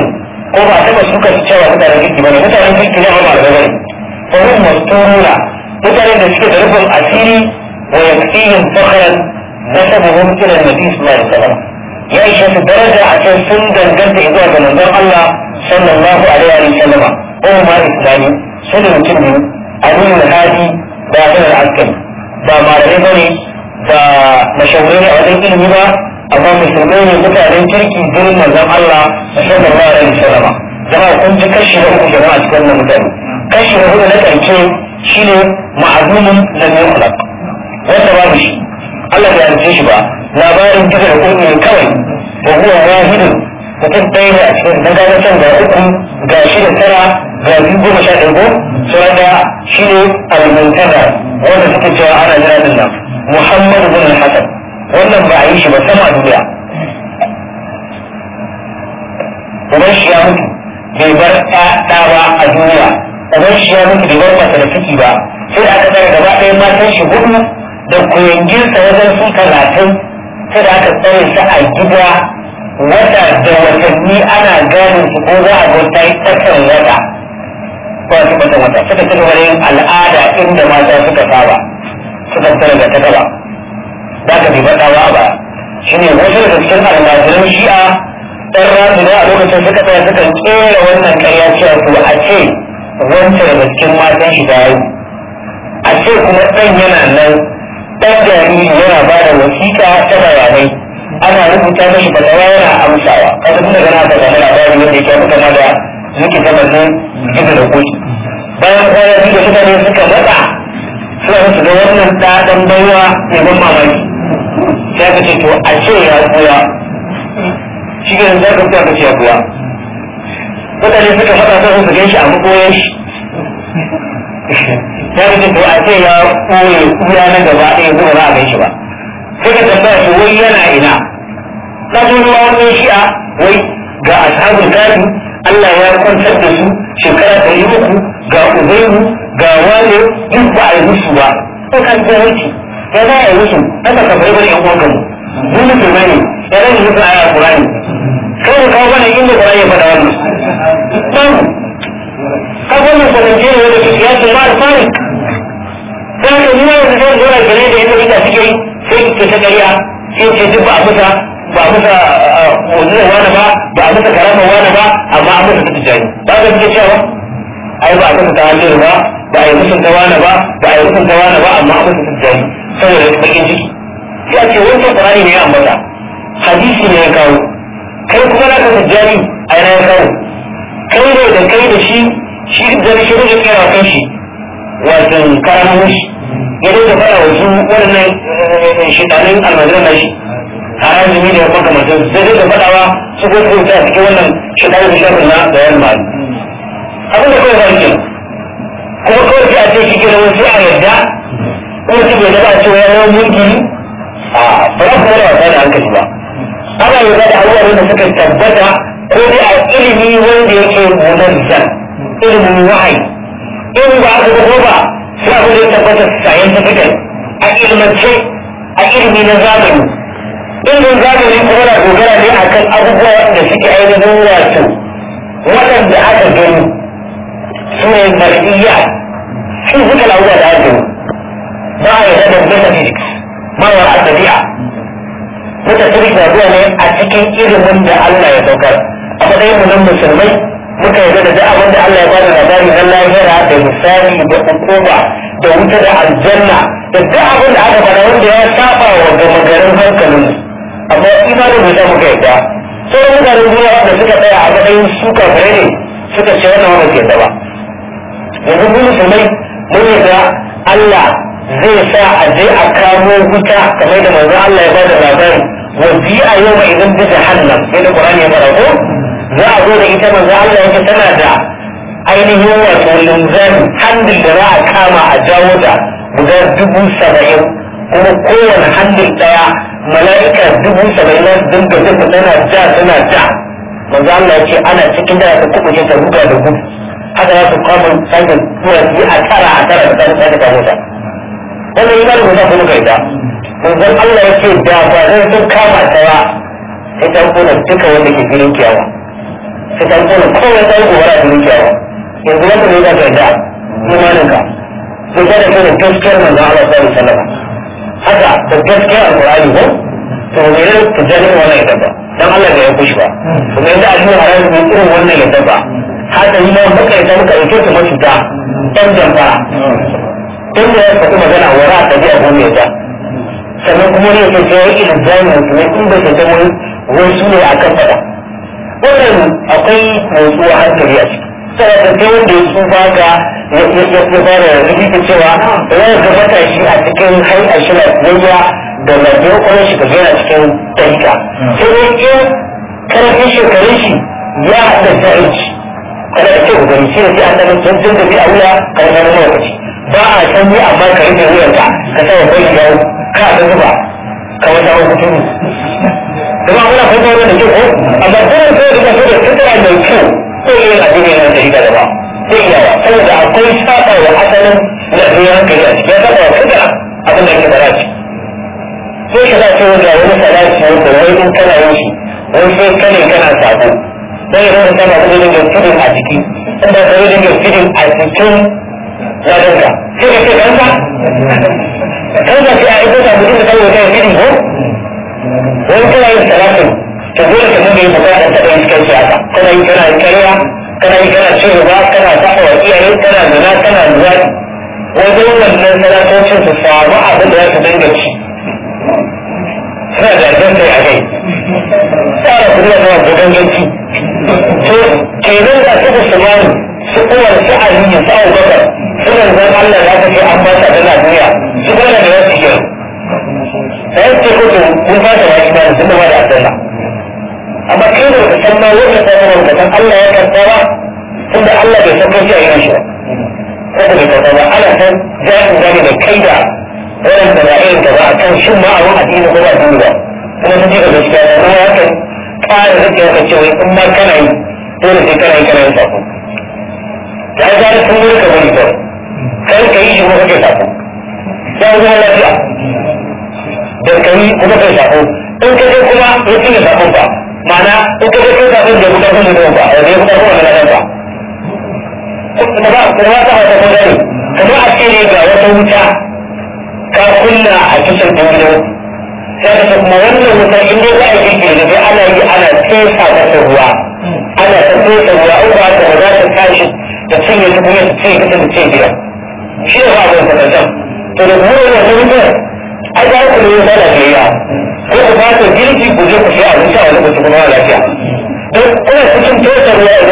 ko ba a taɓa suka cewa mutanen kirki ba ne mutanen kirki ne a malamai ba ne. Fahim masturura Mutane da suke da rufin asiri wa yaksihim na nasabuhum ila na sallallahu alaihi wasallam ya ishe su daraja a can sun danganta zuwa ga manzon Allah sallallahu alaihi wa sallama umma islami sun mutum ne a nuna aminu hadi ba da al'askari ba malamai bane ba mashahurai a wajen ilimi ba amma musulmai ne mutanen kirki gurin manzon Allah sallallahu alaihi wa sallama jama'a kun ji kashi na uku jama'a cikin mutane kashi na hudu na ƙarshe shine ma'azumin lam yukhlaq wanda babu shi Allah ya halice shi ba labarin kisa da kuma kawai wa huwa wahidun mutum ɗaya ne a cikin dan gaba can ga uku ga shi da tara ga biyu goma sha ɗaya ko sauran ɗaya shine al-muntazar wanda suke cewa ana jira din nan Muhammadu bin Hassan wannan ba a yi shi ba sama duniya uban shi ya mutu bai bar ɗa ba a duniya idan shi ya miki da mata da ciki ba sai aka tsara gaba ɗaya matan shi hudu da kuyanginsa wajen su talatin sai da aka tsare su a gida wata da watanni ana ganin su ko za a ga ta yi tsakar wata ko a cikin wata suka ci gaba yin al'ada inda mata suka saba suka tsara da ta gaba za ka bi faɗawa ba shi ne wasu daga cikin almajiran shi'a ɗan rasu a lokacin suka tsaya suka kera wannan ƙarya cewa ko a ce wancan daga cikin matan shi ta yi a ce kuma ɗan yana nan ɗan jariri yana ba da wasiƙa ta bayanai ana rubuta mashi fatawa yana amsawa kada kuma gana ba samu labarin wanda ya kyamu kama da muke zamanin gida da koki bayan kwana biyu da mutane suka matsa suna su ga wannan ɗaɗan baiwa ne ban mamaki sai ka ce to a ce ya kuya shi ne za ka kuya ka ce ya kuya mutane suka faɗa sai su gan shi a makoyan shi ya yi to a ce ya koye kuma na gaba ɗaya kuma za a gan shi ba suka tambaya shi wai yana ina ɗazu ruwa wani a wai ga ashabul kafi Allah ya kwantar da su shekara ta yi uku ga ubaimu ga wane duk ba a yi musu ba ko kan wuce ya za a yi musu ta kamar yi wani yan uwan mu. mun musulmai ne ya rage musu a yi a kai ka kawo mana inda ba ya faɗa wannan babu kafin mu sanance ne wanda suke yakin ba da ne. sai ka nuna wanda zai zo da gare da yadda inda suke yi sai ke ta ƙarya sai ce duk ba a musa ba a musa mu'ujiza wani ba ba a musa karama wani ba amma a musa ta tijani ba ka suke cewa ai ba a musa ta hannun ba ba a yi ta wani ba ba a yi ta wani ba amma a musa ta tijani saboda bakin ciki ya ce wancan ƙwarari ne ya ta hadisi ne ya kawo kai kuma na ka jari a yana ya kawo kai ne da kai da shi shi da shi ne kai da kan shi wato karamin shi ya da fara wasu waɗannan eh, eh, shiɗanin almajiran na shi haramun ne da makamantar zai da faɗawa su ko ko ta cikin wannan shiɗanin da shafin na da yan mali abin da kawai zai kenan kuma kawai sai a ce shi ke da wasu a yarda kuma su bai daga cewa ya yi mulki a ba za ku wani wasa da hankali ba ana lura da al'amarin da suka tabbata ko dai a ilimi wanda yake munanzan ilimin wahayi in ba aka gabo ba sai abu da ya tabbata scientifical a ilimance a ilimi na zamani ilimin zamani kuma na dogara ne a kan abubuwa da suke ainihin wato waɗanda aka gani su ne mar'iyya sun suka lauda da aka gani ba a yarda da physics ma wa al-tabi'a wata shirka na zuwa ne a cikin ilimin da Allah ya saukar a matsayin mu nan musulmai muka yarda da duk abin da Allah ya bada labari na lahira da misali da hukuma da wuta da aljanna da duk abin da aka fara wanda ya saba wa gama garin hankalin amma imanin bai muka yarda sai mutanen duniya da suka tsaya a matsayin suka kafirai ne suka ce wannan wannan ke ba yanzu mu musulmai mun yarda Allah zai sa a je a kamo wuta kamar da manzo Allah ya ba da labari wasi a yau mai idan da jahannam sai da ya fara ko za a zo da ita manzo Allah yake tana da ainihin wato linzan handil da za a kama a jawo da guda dubu saba'in kuma kowane handil daya mala'ika dubu saba'in na dinga duka tana ja tana ja manzo Allah ya ce ana cikin da ta kuɓuce ta buga da gudu haka za su kama sanya tura a tara a tara da ta da ta wannan imani ba za kuma kai ita manzon Allah ya ce da ba zan sun kama ta ba sai ta kuna duka wanda ke filin kyawa sai ta kuna kowai ta yi gobara filin kiyama yanzu wanda ne za ka ita imaninka sai ta da kona gaskiyar na Allah sallallahu alaihi wasallam haka da gaskiyar alqur'ani ko to ne ta jani wannan ya ba dan Allah da ya kushe ba kuma yanzu a cikin haramun ne irin wannan ya daba haka yi ma muka ta muka ita su mafita ɗan jamfara tun da ya faɗi magana wara a ɗabi'a ko mai ta sannan kuma ne ke ta yi ilzamin ne in bai ta zama wani su ne a kan faɗa wannan akwai motsuwa hankali a ciki saboda sai wanda ya tsufa ga ya fara rubuta cewa ya da matashi a cikin a shi na biyayya da lafiyar kwanan shi kaje a cikin tarika sai dai in karfin shekarun shi ya haɗa da aiki kada ka ce ku gani shi ne sai an ɗaga tun da bi a wuya kan ka zama lokaci ba a san ni amma ka rufe wuyanka ka sa kai ka ka ta zuba ka wata wata turu kuma muna fata wannan da kyau amma dole ko da kasu da tattara mai kyau ko yin addini na shari'a da ba ko yawa saboda akwai saba wa asalin na zuwa hankali a cikin saba wa tattara? abin da ke bara ce Ko ka za ce wanda wani salati da wani in kana yin shi wani sai kane kana sabo sai ya zama kana da yin a ciki inda ka yi yin gafidin a cikin ya sai ka ce kanka kanka sai a yi kusa mutum da kawo kai gidi ko wani kana yin salatin to dole ka nuna yin magana da taɓa yin kai siyasa kana yi kana yin karewa kana yi kana cin ruwa kana taɓa wa iyaye kana nuna, kana zuwa wajen wannan salatocin su samu abin da za su dinga ci suna da ajiyar kai a kai tsara kudi da zuwa gudan yanki to kenan da suka su mani su kowar su aliyu su abubakar su manzan allah ya kashe an ba sa dala duniya su kuma da ya su yi da ya ce kudu kun ba da wani ba sun ba da abdalla amma kai da wata san ma wanda ta yi wanda kan allah ya karta ba tun da allah bai san kai a yi shi Ko da bai karɓa ba ana san jami'in gani da kai da wannan da ra'ayin da ba a kan shin ma a wani addini ko ba addini ba kuma sun ji da gaskiya da kuma ya kai ƙarin rike ka cewa in ma kana yi dole sai kana yi kana yin sako ya ga da sun wurin kawai kyau kai ka yi shi kuma kake sako ya zama lafiya da ka yi kuma kai sako in ka je kuma in ya sako ba ma'ana in ka je kai sako da kuma kai da ba da kuma kuma da ba kuma ba kuma ta hauka ko dai kamar a ce ne ga wata wuta ka kunna a cikin dangin sai ka kuma wannan wuta in dai za a yi ke da ana yi ana fesa masa ruwa ana ta fesa ruwa in ba ta ba za ta tashi ya cinye tukunyar su cinye kasar su shi ba abin to da kuma ko girki ku je shi a wani ku lafiya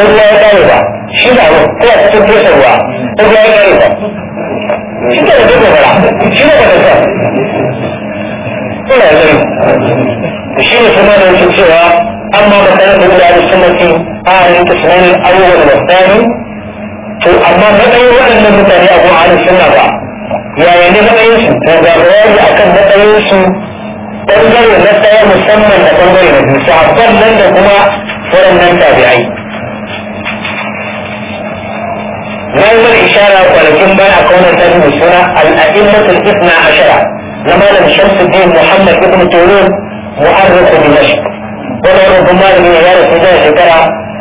ruwa ya kare ba shi ba ruwa kuna ruwa ya shi shi shi cewa أما مثلا من أهل السنة أهل التسليم الأول to amma matsayin waɗannan mutane a kuma halin suna ba yaya ne matsayin su to ga bayani akan matsayin su bangare na ɗaya musamman da bangare na biyu sahabban nan da kuma waɗannan tabi'ai na yi mana ishara kwanakin baya a kaunar tabi mai suna al'adimmatul isna ashara na malam shamsuddin muhammad ibn turun mu'arriku dimashq wani wani malami ya rasu da shekara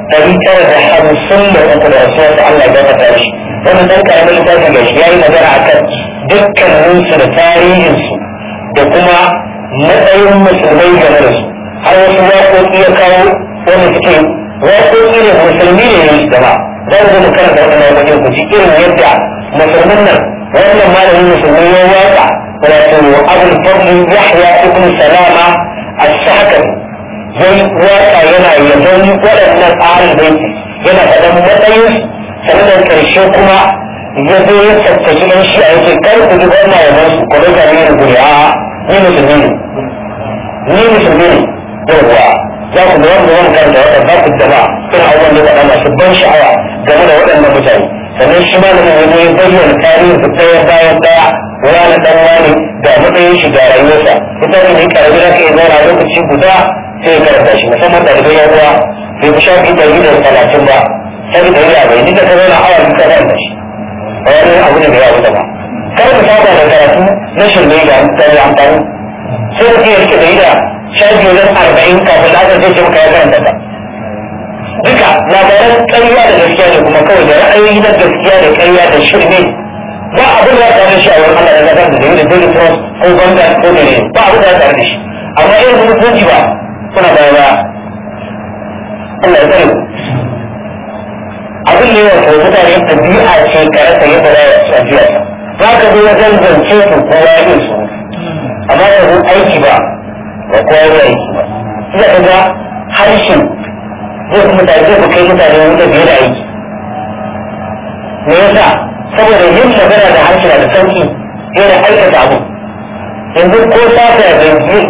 ɗari tara da hamsin da uku da rasuwar ta Allah ya faɗa shi wani ɗan ƙaramin littafi mai ya yi magana akan dukkaninsu da tarihinsu da kuma matsayin musulmai game da su har wasu waƙoƙi ya kawo wanda suke waƙoƙi ne musulmi ne ne su gaba za mu mu karanta wani waƙoƙi ku ji irin yadda musulmin nan wannan malamin musulmi ya waƙa wato abul fadli yahya ibn salama as-sakari don waka yana yabon waɗannan da yana faɗan matsayin sannan ƙarshe kuma ya zo ya tattaki ɗan shi a yake kar ku ji wannan yabon su kuma ga ni guri a ni musulmi ne ni musulmi ne yawwa za ku ga wanda wani karanta wata ba ku jama suna abubuwan da faɗa masu ban sha'awa game da waɗannan mutane sannan shi ma da ya ya bayyana tarihin su ɗaya bayan ɗaya wani ɗan wani ga matsayin shi ga rayuwarsa mutane ne ƙarfi za ka iya zauna lokaci guda sai ya karanta shi musamman ɗalibai ya uwa bai fi shafi ɗari da talatin ba sai da ya bai ni da ta zauna awa da karanta shi ba wani abu ne da ya wuce ba kar mu saba da karatu na shirme da amfani sai mutum ya rike ɗari da shafi wajen arba'in kafin na zai ce maka ya karanta ta duka labaran ƙarya da gaskiya ne kuma kawai da ra'ayoyi na gaskiya da ƙarya da shirme ba abin da ya tare shi a wurin Allah da zaka da da dole ko ko banga ko ne ba abin da ya tare shi amma irin mutunci ba kuna baya baya Allah ya tsare abin da yawa ko mutane ɗabi'a ce karanta yadda za a tafiya Ba ka zo wajen zance su ko ya su amma da zo aiki ba ba kowa ya aiki ba suna kaga harshen zai kuma tare zai kai mutane wanda bai da aiki me yasa saboda yin magana da harshen na da sauki yana aikata abu yanzu ko safiya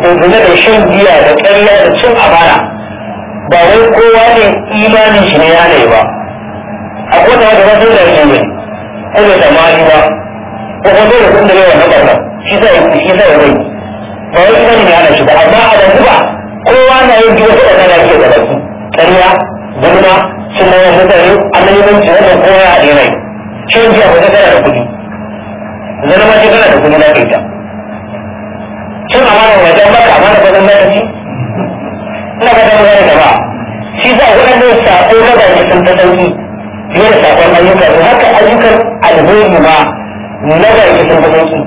da zina da shan giya da karya da cin amana ba wai kowa ne imanin shi ne yanayi ba akwai kowace wata wasu sun shi ne ko da tamari ba ko kuma dole sun da yawa na ƙasa shi sa ya shi sa ya rai ba wai imanin ya ne shi ba amma a yanzu ba kowa na yin biyu wasu ɗana ke da baki ƙarya zina sun nawa mutane annabimanci wannan kowa ya ne rai shan giya ba ta tana da kuɗi zama shi tana da kuɗi na kai ta cin amana wajen maka amana wajen maka ci ina ga dan wani gaba shi za waɗannan sako na baki sun ta sauki fiye da sakon ayyuka to haka ayyukan alheri ma na baki sun ta sauki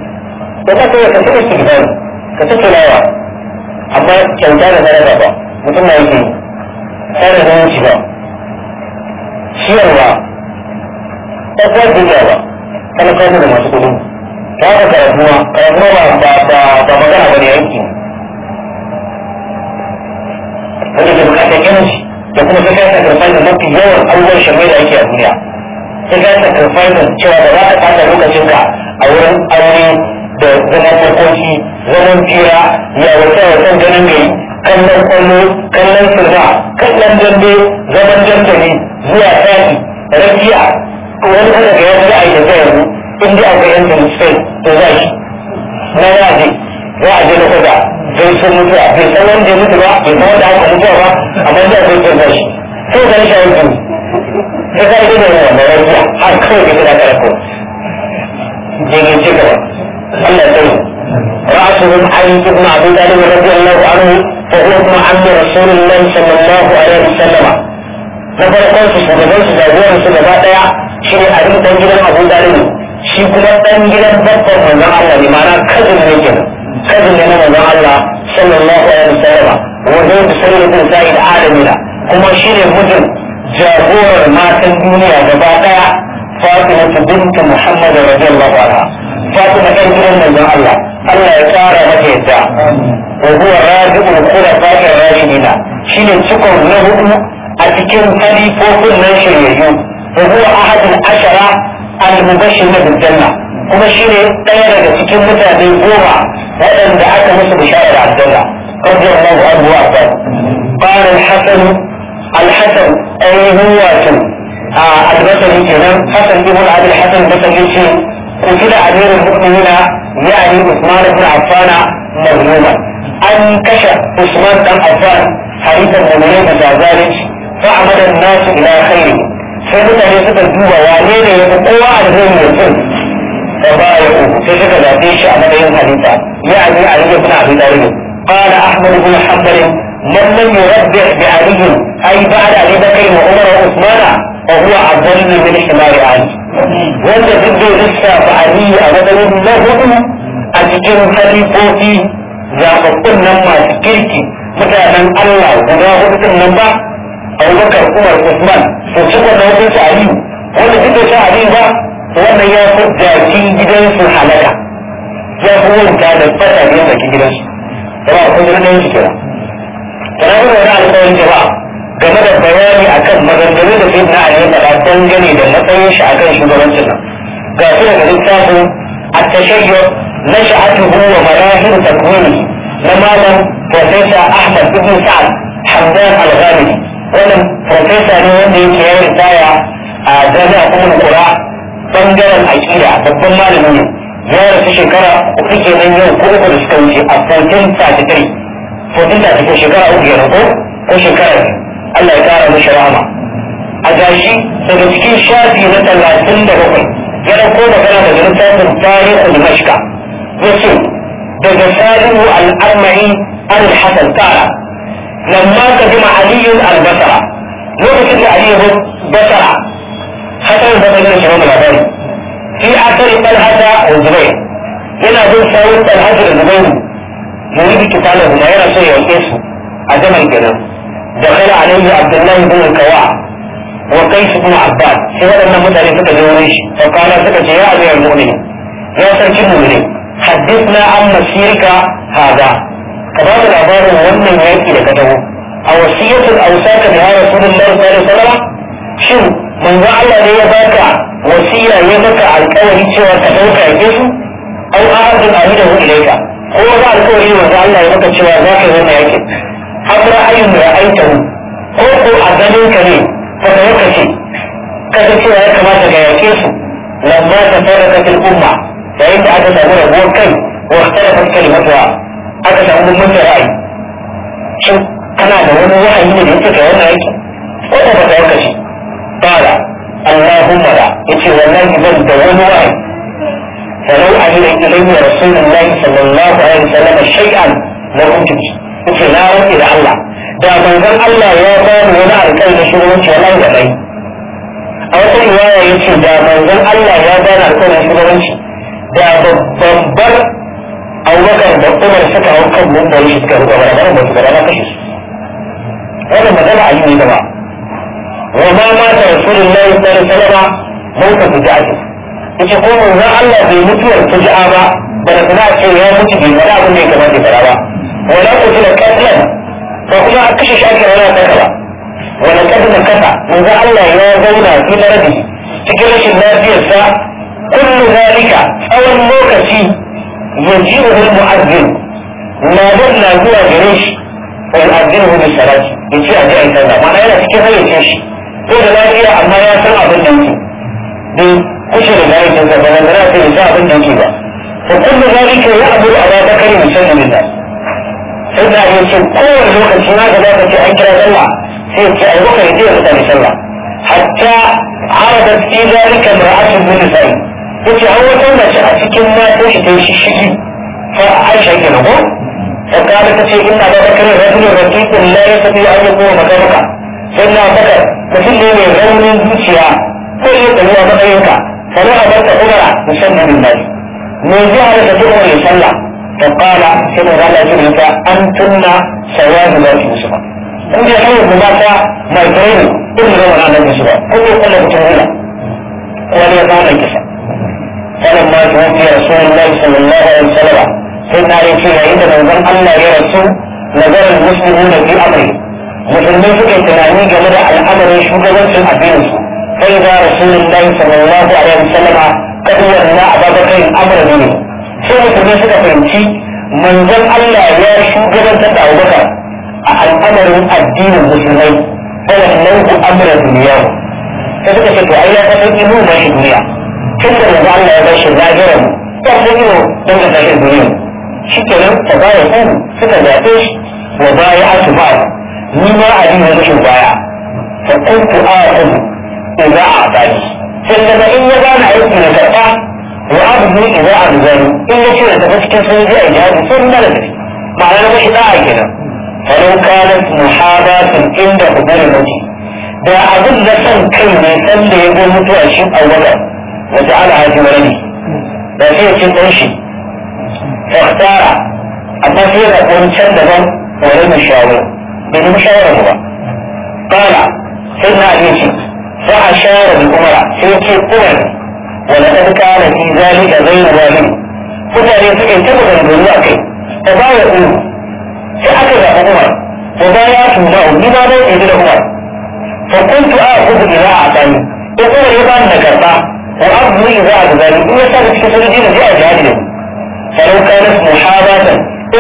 da za ka yi kasance da shigidani ka ta tulawa amma kyauta da daraja ba mutum na yake sai da zumunci ba ciyarwa ɗaukar duniya ba talakawa da masu kuɗi ba ka karatuwa karatuwa ba ba ba magana ba ne yanki wanda ke bukatar yanci da kuma sai ka yi sacrifice mafi yawan abubuwan shirme da ake a duniya sai ka yi sacrifice cewa da za ka lokacin ka a wurin aure da zaman makoki zaman fira yawace-yawacen ganin gari kallon kwallo kallon sirna kallon dambe zaman dandali zuwa tsaki rakiya wani kada ga yanzu a yi da zai yanzu in dai akwai yanzu spain da za shi na wa'azi wa'azi na kaza zai san mutuwa bai san wanda ya mutu ba bai san wanda aka mutuwa ba amma da zai san shi sai da shi aiki sai ka yi da wannan rajiya har kawai ka gina karako jirgin cikawa Allah ya sani رأسهم علي بن أبي طالب رضي الله عنه وهو ابن Na رسول الله shugaban الله عليه وسلم نفر قوس سببين سببين سببين سببين شيء أبي طالب أبو shi kuma ɗan gidan babban manzon Allah ne ma'ana kazin ne ke kazin ne na manzon Allah sallallahu alaihi wasallam wanda ya sanya bin alamina kuma shi ne mutum jagorar matan duniya gaba ɗaya Fatima bint Muhammad radiyallahu anha Fatima ɗan gidan manzon Allah Allah ya tsara mata yadda wa huwa rabi'ul khulafa'i ar-rashidina shine cikon na hudu a cikin halifofin nan shiryayyu wa huwa ahadul ashara al-mubashir na aljanna kuma shi ne ɗaya daga cikin mutane goma waɗanda aka musu bisharar aljanna rabbi Allahu anhu wa akbar qala al-hasan al-hasan ayyuhu wa al-basri kenan hasan ibn abi al-hasan basri ce قتل أمير المؤمنين يعني عثمان بن عفان مظلوما أن كشف عثمان بن عفان حديث المؤمنين مجازالك فعمد الناس إلى خيره sai mutane suka duba wane ne ya fi kowa a zai mutum da ba ya uku sai suka zaɓe shi a matsayin halifa ya ali ali ya suna abin ɗari قال أحمد بن حنبل من لم يربع بعلي أي بعد أبي بكر وعمر وعثمان فهو أضل من حمار علي. وأنت تبدو لسه فعلي أبدا له a cikin halifofi zaɓaɓɓun nan masu kirki mutanen Allah guda hudu nan ba abubakar umar usman to cikon da wajen su aliyu wanda duk da su aliyu ba wannan ya fi jakin gidansu halaka ya fi wanda da fata ne da gidansu kuma kun gani ne kira sanar da wani alƙawarin jama'a game da bayani akan maganganun da sai na aliyu da dangane da matsayin shi akan shugabancin nan ga su daga littafin التشيع نشأته ومراحل تكوينه لماذا وسيسى أحمد بن سعد حمدان الغامدي wannan farfesa ne wanda yake ya ritaya a jami'a kuma kura bangaren aƙida babban malami ne ya rasu shekara uku ke nan yau ko uku da suka wuce a 1433 1433 shekara uku kenan ko ko shekara Allah ya kara mishi rahama a gashi daga cikin shafi na talatin da bakwai ya dauko magana daga littafin tarihin dimashka ya ce daga salihu al'arma'i al-hasan ta'ala لما قدم علي البصرة لوكتين da Ali ya basara hasan da bai shi wannan labari fi asari talhata wa zubair yana bin sawun talhata da zubair yuridu kitala huma yana so ya yake su a zaman kenan da kala alayhi abdullahi bin kawa wa qais bin abbas sai waɗannan mutane suka je wurin shi fa kana suka ce ya ayyuhal mu'min ya sarki mu'min حدثنا عن مسيرك هذا ka ba da labarin wannan yaki da ka taho a wasiyatul ausaka da ya rasulullahi sallallahu alaihi wasallam shin manzo Allah ne ya baka wasiya ya maka alƙawari cewa ka dauka ke su an ahadin ahidahu ilayka ko wani alƙawari manzo Allah ya maka cewa za ka yi wannan yakin abra ayyun da ko ko a ganin ka ne ka dauka ce kaga cewa ya kamata ga yake su lamma tafarraqatil umma Da da aka samu rabuwar kai واختلفت كلمتها aka samu mummunan ra'ayi shin kana da wani wahayi ne da yake ga wannan aiki ko da ba ka shi fara Allahumma la yace wallahi ban da wani wahayi falau amina ilayya layi, sallallahu alaihi wasallam shay'an la kuntu bi yace na rantsi da Allah da manzon Allah ya ba ni wani alƙawari da shirin wuce wallahi da bai a wata riwaya yace da manzon Allah ya ba ni alƙawari da shi wuce da babbar أو بكر مطمئة الفتعة وقد مطمئة الفتعة وقد مطمئة الفتعة وقد مطمئة الفتعة هذا ما قال عيني دماء وما مات رسول الله صلى الله عليه وسلم موتا فجعة إذا قلوا ما ألا في مطمئة الفجعة ما بل أتناع الشيء يا مجدين ولا أقول لي كما تفرعا ولا أقول لك كاتلا فأقول لك كش شاكرا لا تكرا ولا كاتلا كفا إذا ألا يوازونا في مرده تجلش الناس يسا كل ذلك أول موكسي يجيبه المؤذن ما دمنا هو جريش ويؤذنه بالصلاة يجي أدي أي صلاة معنى أنا سكي هاي يجيش هو دلائي أما ياسر أبن نمتي دي كشر الله يجزا بنا دلائي يجزا أبن نمتي فكل ذلك يأمر أبا بكر يسلم الله سيدنا أبي يسلم كل الوقت سناك ذلك أنكر الله سيدنا أبو بكر يدير مثال صلى حتى عرضت في ذلك امرأة بن سعيد ya ce an wata mace a cikin matan shi ta shi shigi fa aisha ke nago tsakanin ta ce ina kare bakarin rajulun rafiqun la ya sabi an yi kuma maka sai na baka fi ne mai raunin zuciya ko iya a matsayinka sannan a barka umara musamman bin nari me zai hana ta umar ya sallah ta kala sai da rana jin ta an tunna sauya da zafi musu ba in da hanyar da mata mai gari irin da wani annabi musu ba ko ne kwallon mutum wani ya zama kisa wannan ma tafi ya so Allah sallallahu alaihi wasallam sai na yi cewa inda manzon Allah ya rasu nazarin musulmi da fi amri musulmi suke tunani game da al'amarin shugabancin addinin su sai da rasulullahi sallallahu alaihi wasallam kad yanna ababakai amra ne sai musulmi suka fahimci manzan Allah ya shugabantar da Abubakar a al'amarin addinin musulmai sai da nan ku amra duniya sai suka ce to ai ya kasance mai duniya cikin da Allah ya bashi zahiran ta zuwa don da zahir duniya shi kenan ta baya sun suka zaɓe shi wa baya a su baya ni ma a yi rashin baya fa kuntu a in za a bani sai daga in ya bani aiki na karɓa wa abu za a bani in ya ce da cikin sun ji a jihadi sun mara da ma'ana mashi da'a kenan falau kanat muhabatun inda ku hukumar mutu da abin da son kai ne san da ya zo mutuwa shi a wajen وجعلها لولده وسيلة تنشي فاختار أما سيرة تكون تشددا ولم يشاور بدون مشاورة هو قال سيدنا علي فأشار بالأمراء سيأتي قمر ولقد كان في ذلك بين ذلك فقال يسكن تبغى بالله تبايعوا فأكل عمر وبايعت معه لما بيت إلى عمر فقلت آخذ إذا أعطاني يقول يبان نكرتا والأرض يزعج ذلك مسألة كسر زائد هذه فلو كانت محاباة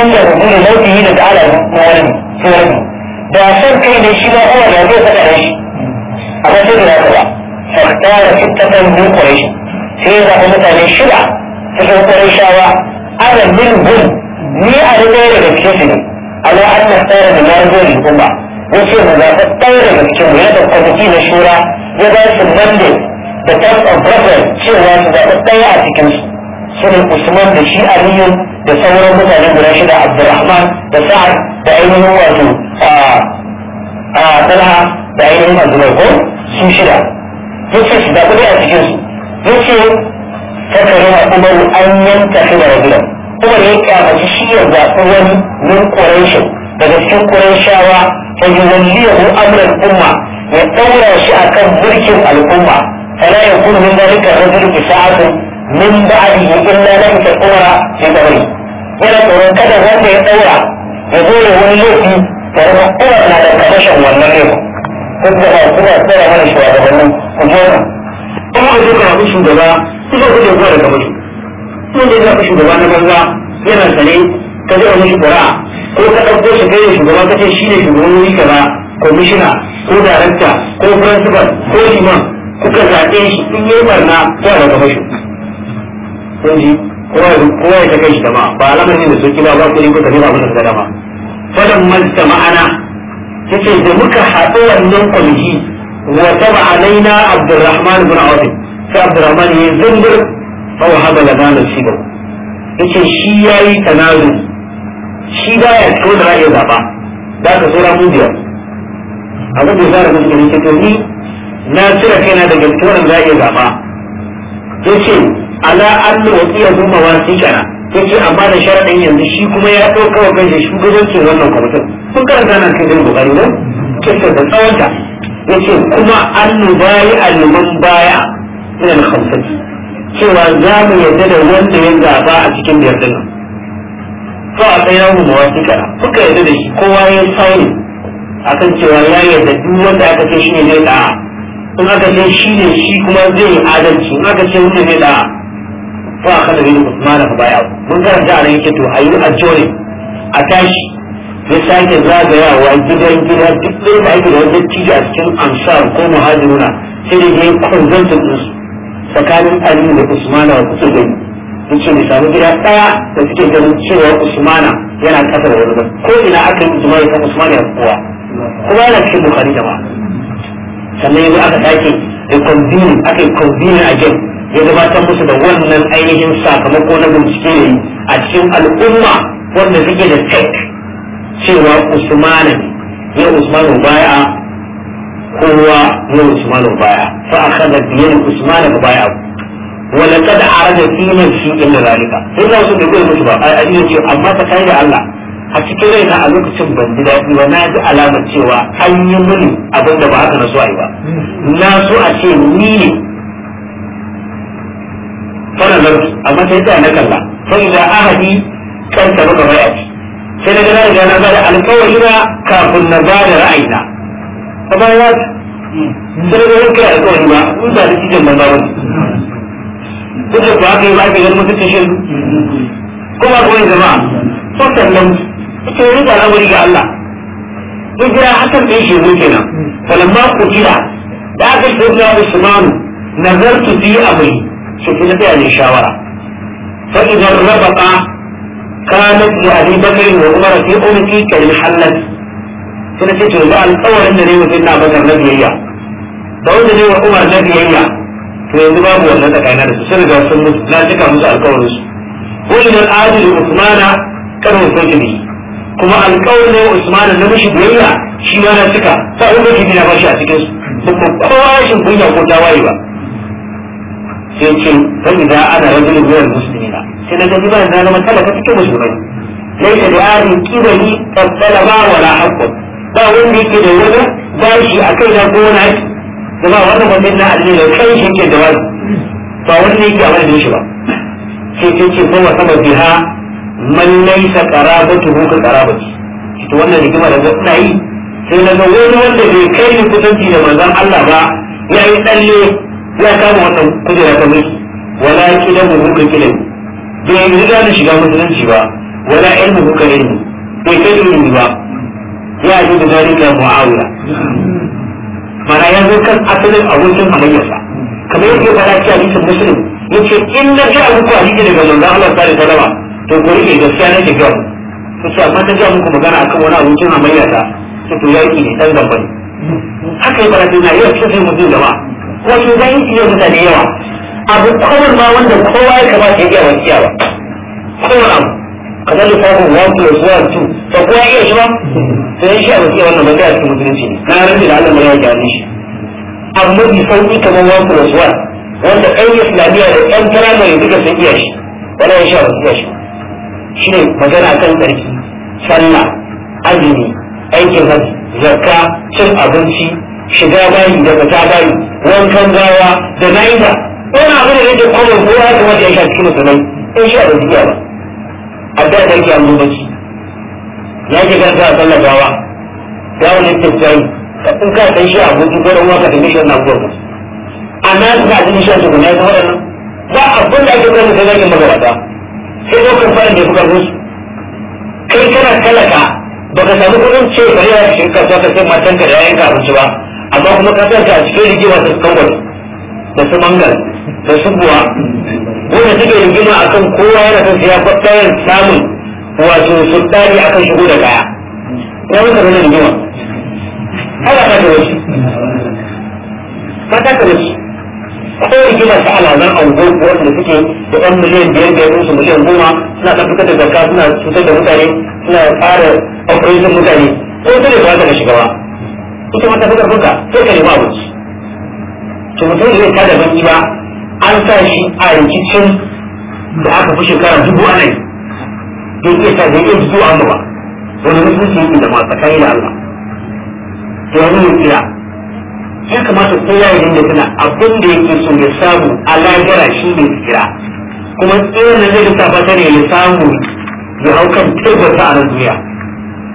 إن قبول موته لتعالى مولد مولد بأسر كي ليشيما هو الذي يتكلم أما سيدنا كلا فاختار ستة من قريش سيدنا قمت من شبع فشو قريشا وأنا منهم ni a rigar da gaske على ne ala an na tsara da margari kuma ya ce mu الشورى tsara da da kan of cewa su zaɓi ɗaya a cikinsu su ne usman da shi aliyu da sauran mutane guda shida abdulrahman da sa'ad da ainihin wato a talha da ainihin azubai ko su shida duk su zaɓi ɗaya a cikinsu duk ce a umar an yanka shi da rajulan kuma ya kyamaci shi ya zaɓi wani min ƙuraishin daga cikin yi wani yuwalliyahu amran umma ya ɗaura shi akan mulkin al'umma فلا يكون من ذلك الرجل بساعة من بعده إلا لم تكون في دوري yana tsoron kada wanda ya يقول ya zo ya wani laifi da zama kuma na da kamashin wannan laifin duk da ba suna mana shi da wannan kuma kuma a duka abu shugaba suka kuke zuwa da kamashi shugaba ka ko ka ɗauko shi kai shugaba ka ce shi ne shugaban kaza ko darakta ko principal ko liman kuka zaɓe shi in yi barna kowa da gaba shi kun ji kowa ya kai shi dama ba alamar ne da soki ba ba ku yi kuka nema musu da dama fadan mazda ma'ana ta ce da muka haɗu wannan kwaliki wa taba alaina abdurrahman bin awfi sai abdurrahman ya zungur fa wa hada lana nasibu yace shi yayi tanazu shi ba ya so da ra'ayi zaba da ka sura mu biyar abin da zara mutum ne ke to ni na cire kaina daga turan za iya zaba ya ce ala an wasu ya zuma wasu kana ya ce amma da sharaɗin yanzu shi kuma ya ɗauka wa kanshi shugabancin wannan kwamitin sun karanta na kai zai bukari ne kisa da tsawonta ya ce kuma an nubayi liman baya ina da kwamitin cewa za mu yarda da wanda ya zaba a cikin biyar ɗin to a tsaye mu mawasu kana suka yarda da shi kowa ya sauri akan cewa ya yarda duk wanda aka ce shi ne zai ɗa'a in aka ce shi ne shi kuma zai yi adalci in aka ce wuce zai da fa aka da bin Usman fa baya mun karanta a nan yake to ayi yi a tashi ya sake zagayawa gidan gida duk da yake ake da wani dattijo a cikin Amsa ko muhajiruna sai da yayi konzantin din tsakanin Ali da usmana wa kusa da ni yace ne samu gida daya da suke ganin cewa usmana yana kasar wani ko ina aka yi usmana ya Usman ya kowa kuma yana cikin da ba sannan yanzu aka sake reconvene aka a again ya gabatar musu da wannan ainihin sakamako na bincike ne a cikin al'umma wanda suke da tek cewa usmanin ya usmanu baya kowa ya usmanu baya fa a kada biyar usmanin baya da a arada fi nafsi illa zalika sai za su da mutu ba a ce amma ta kai da Allah a cikin raina a lokacin ban ji daɗi ba na ji alamar cewa an yi mini abin da ba haka na so a yi ba na so a ce ni ne fara zarfi a sai da na kalla sai da ahadi kan tabu kamar a ci sai na gana da na bada alkawari na kafin na ba da ra'ayina ta bayan ya sai da yanka alkawari ba kusa da cikin banza wani duk da ba ka yi ba ka yi mutuncin shi kuma yi zama ba lamci sai ya rika al'amari ga Allah in jira hakan ɗin shi zo kenan falamma kutila da aka shi na Usman. nazartu fi amri su fi na tsaya ne shawara fa idan rabaqa kanat li abi bakr wa umar fi umri kal halal sai na ce to ba alƙawarin da ne mutum na bakar na biyayya da wanda ne wa umar na biyayya to yanzu babu wannan tsakanin da su sun riga sun mutu na cika musu alƙawarin su ko idan adil usmana kan hukunci ne kuma alƙawarin da Usman na mishi biyayya shi ma na cika ta umar ki na bashi a cikin su kuma kowa shin kunya ko tawaye ba sai ce fa idza ana rajulun min muslimina sai na gaji ba na zama talaka cikin musulmai laysa da ari kibali ba wala haqqu ba wanda yake da wani bashi a akai na gona da ba wannan mutum na Allah da kai shi ke da wani ba wanda yake a wani shi ba sai ce ko wa sama biha man laisa qarabatuhu ka qarabati to wannan rigima da ta yi sai na ga wani wanda bai kai ni kusanci da manzon Allah ba ya yi tsalle ya kama wannan kujera ta miki wala kidan mu ka kidan bai riga da shiga musulunci ba wala ilmu ka ilmi bai kai ni ba ya yi da zalika mu'awiya mana ya zo kan asalin abokin halayyarsa kamar yadda ya faɗa cikin hadisin muslim yace in na ga abu ko hadisi daga manzon Allah sallallahu alaihi wasallam to ko yake gaskiya ne ke gawo to ce amma ta ga muku magana akan wani abokin hamayya ta to to yaki ne dan zamba ne haka yi baratu na yau sai mu mutum gaba ko shi zai yi yau da yawa abu kawai ma wanda kowa ya kamata ya iya wasiya ba kowane abu a zan lissafin one plus one two ba kowa iya shi ba to yan shi a wasiya wannan ba zai yi musulunci ne na rabi da Allah mai yawa gyaran shi amma bi sauki kamar one plus one wanda ɗan islamiyya da ɗan tara mai duka sun iya shi wani yan shi a wasiya shi shine magana kan tsarki sallah azumi aikin hajji zakka cin abinci shiga bayi da fita bayi wankan gawa da naida wani abu da yake kwanan kowa ya kamata ya shafi cikin musulmai in sha da zuwa ba a da da yake amma baki ya ke karfa a sallah gawa ya wani tafiyayi ka in ka san shi aboki ko dan waka da mishan na kuwa amma ka ji mishan tukuna ya kuma da nan ba abin da ake kwanan da zai magabata sai ɗaukar fara da kuka rusu kai kana talaka ka samu kuɗin ce ba ya cikin kasuwa ka sai matan ka da yayin ka abinci ba amma kuma ka san ka a cikin rigima ta kangon da su mangal da su buwa wanda suke rigima akan kowa yana kan siya kwaɗayan samun wato a akan shigo da kaya ya muka zama rigima ana ka da wasu ta da wasu ko rigimar ta alazan ango wanda suke da yan miliyan biyar da yanzu miliyan goma suna ta fitar da zakka suna cutar da mutane suna ƙara operation mutane ko su ne ba ta shiga ba ita ma ta fitar fuka sai ka nema abinci to mutum zai da banki ba an sa shi a rikicin da aka fi shekara dubu a nan bai iya sa zai iya zuwa a ba wani su yi da masu kai da Allah yanzu ya ya kamata kowa ya dinga tana abin da yake so ya samu a lahira shi ne kira kuma tsere na zai ta fata ne ya samu ya hau kan tabbata a duniya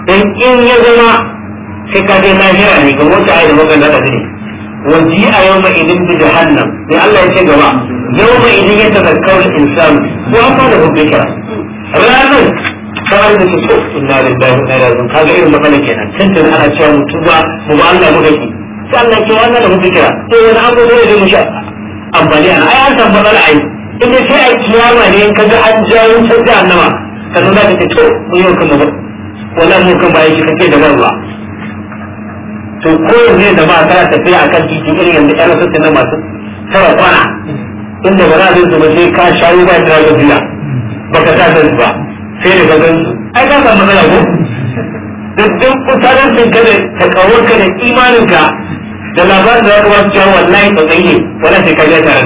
dan in ya zama sai ka dai lahira ne ga wata ayi da wakan da yi, waji a yau ma idin bi jahannam dan Allah ya ce gaba yau ma idin ya tazakkar insan ko an fara hukunta ranar kawai da su so inna lillahi wa inna ilaihi raji'un kaga irin magana kenan tantan ana cewa mutuba mu ba Allah mu gaji sannan ke wannan da muke kira to wani abu ne da muke amfani ana ai an san matsala ai in dai sai ai kiyama ne in kaga an jawo ta jahannama ka san zaka ce to mun yau kan mu wannan mu kan bai kike da garba to ko ne da ba ta tafiya akan titi irin yanda ƴan sassan na masu tara kwana inda ba za su ba sai ka shawo ba ta da biya baka ta san ba sai da gaban ai ka san matsala ko duk duk kusarin ka kare ta kawo ka da imanin ka da labarin da kuma su cewa wannan yi wala sai kaje tare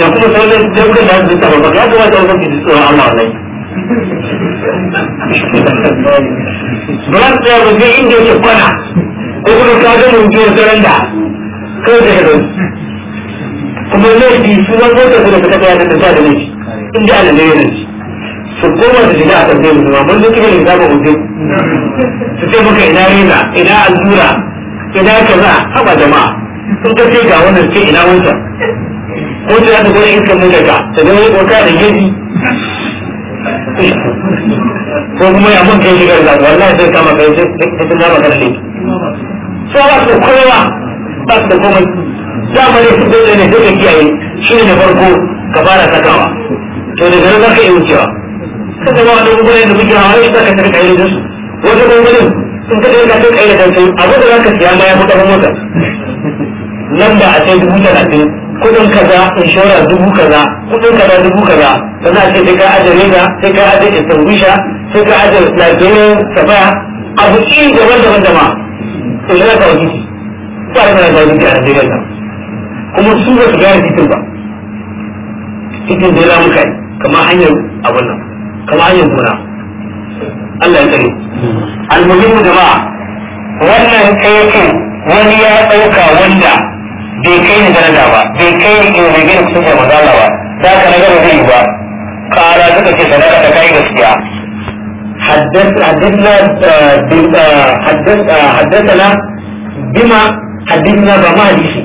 da kuma sauran da su ya kuma ta su tsoron Allah ba za inda kwana ko kuma ka ga kai da kuma laifi su da kaya ta da laifi inda su koma da a mun su ce ina an ina ina kaza haba jama'a sun ka ce ga wannan ce ina wancan ko ce za ta gwada iskar mu daga ta zai wani kwata da gidi ko kuma ya mun kai shigar da wallahi sai kama kai sai sun kama karfi so ba su kowa ba su da komai ne su dole ne duka kiyaye shi ne na farko ka fara sakawa to da garin za ka yi wucewa kada zama wani gugunan da muke hawa ya sa ka yi kayan su wata gugunan in ka dinga kai kai da kansu abu da zaka siya ma ya fi karfin mota nan ba a sai dubu talatin kudin kaza inshora dubu kaza kudin kaza dubu kaza sannan a ce sai ka ajiye rega sai ka ajiye istanbusha sai ka aje lafiyar safaya abu iri daban-daban da ma to yana ka wakili ba da na zaune a Najeriya ta kuma su ba su gane titin ba titin da ya lamuka kamar hanyar abun nan kamar hanyar gona Allah ya tsare almuhimu jama'a wannan aikin wani ya ɗauka wanda bai kai ni daraja ba bai kai ni in rage ni kusa mazala ba za ka na gaba zai yi ba kara suka ce sadaka ta kai gaskiya حدثنا حدثنا بما حدثنا بما حديثي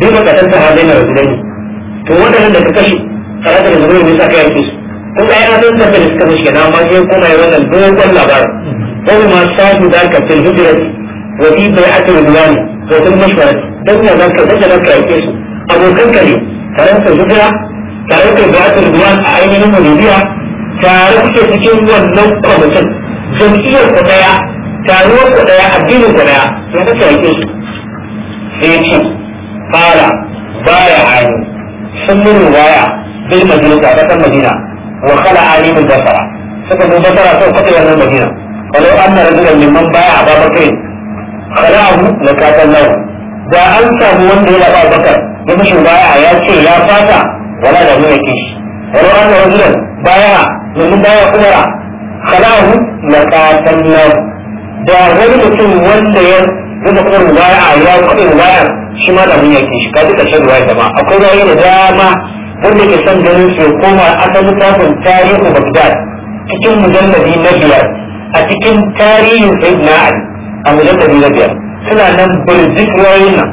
بما قتلت هذين الرجلين to waɗannan da ka kashe tare da zuwa kai kun ga yana sun tafi da suka mishi na ma sai kuma yi wannan dogon labarin wani ma shafi za ka fil hijirati wa fi bai'atul ruwani wa fil mashwarati dan ya za ka dace ka yake su abokan ka ne tare ka hijira tare ka bai'atul ruwan a ainihin hudubiya tare kuke cikin wannan kwamitin jam'iyyar ku daya taruwar ku daya addinin ku daya sun ka yake su sai ce fara baya hannu sun mun waya bil madina ta kasar madina wa khala alimul basara suka zo basara sau kafa yanzu madina walau an na rajulan neman baya a babakar khala'ahu na katan lahu da an samu wanda ya laba bakar ya mishi baya ya ce ya fata wala da nuna kishi walau an na rajulan baya domin baya kuma khala'ahu na katan lahu da wani mutum wanda ya zuba kuma a ya kuɗin baya shi ma da nuna kishi ka duka shan ruwa da ma akwai ruwa da dama wanda ke son ganin su koma aka littafin tarihi Baghdad cikin mujalladi na biyar a cikin tarihin Sayyidina Ali a mujalladi na biyar suna nan burjik wayoyin nan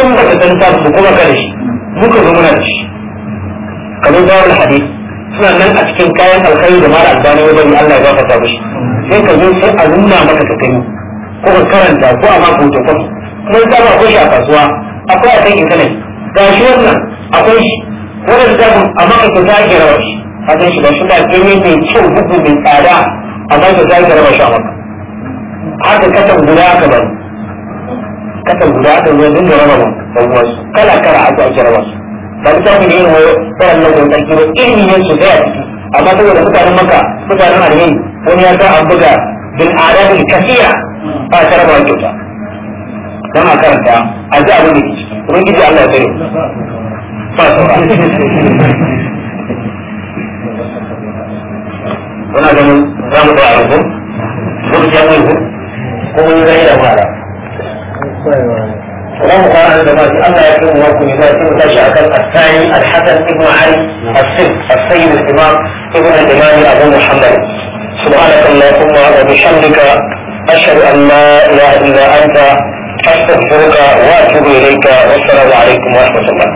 in ba ka san tafi kuma ka da shi muka zo muna da shi kamar zawar hadisi suna nan a cikin kayan alkhairi da mara albani wajen Allah ya baka ta shi sai ka zo sai a nuna maka ka gani ko ka karanta ko a maka hoto kwafi kuma ya saba ko shi a kasuwa akwai a kan intanet ga shi wannan akwai shi wannan a maka ta zage rawa shi a kan shi ba shi ba ganye mai kyau bugu mai tsada ba ta zage rawa shi a maka haka kasan guda aka bari kasan guda aka zo dinga raba mu dan wasu kala kala a ake raba su ba littafin ne irin wannan nan da tsarki ba ilimi ne su daya amma saboda mutanen maka mutanen alheri wani ya sa an buga bil adadin kafiya ba ta raba kyauta don a karanta a ji abin da ke ciki Allah ya tsare ونادى رام بعضهم مرجعوه قوموا إلى هذا وهم قال عن دماغي أما يكون وكم يباتي متشعة الثاني الحسن ابن علي الصدق السيد الإمام ابن الإمام أبو محمد سبحانك اللهم وبحمدك أشهد أن لا إله إلا أنت أستغفرك وأتوب إليك والسلام عليكم ورحمة الله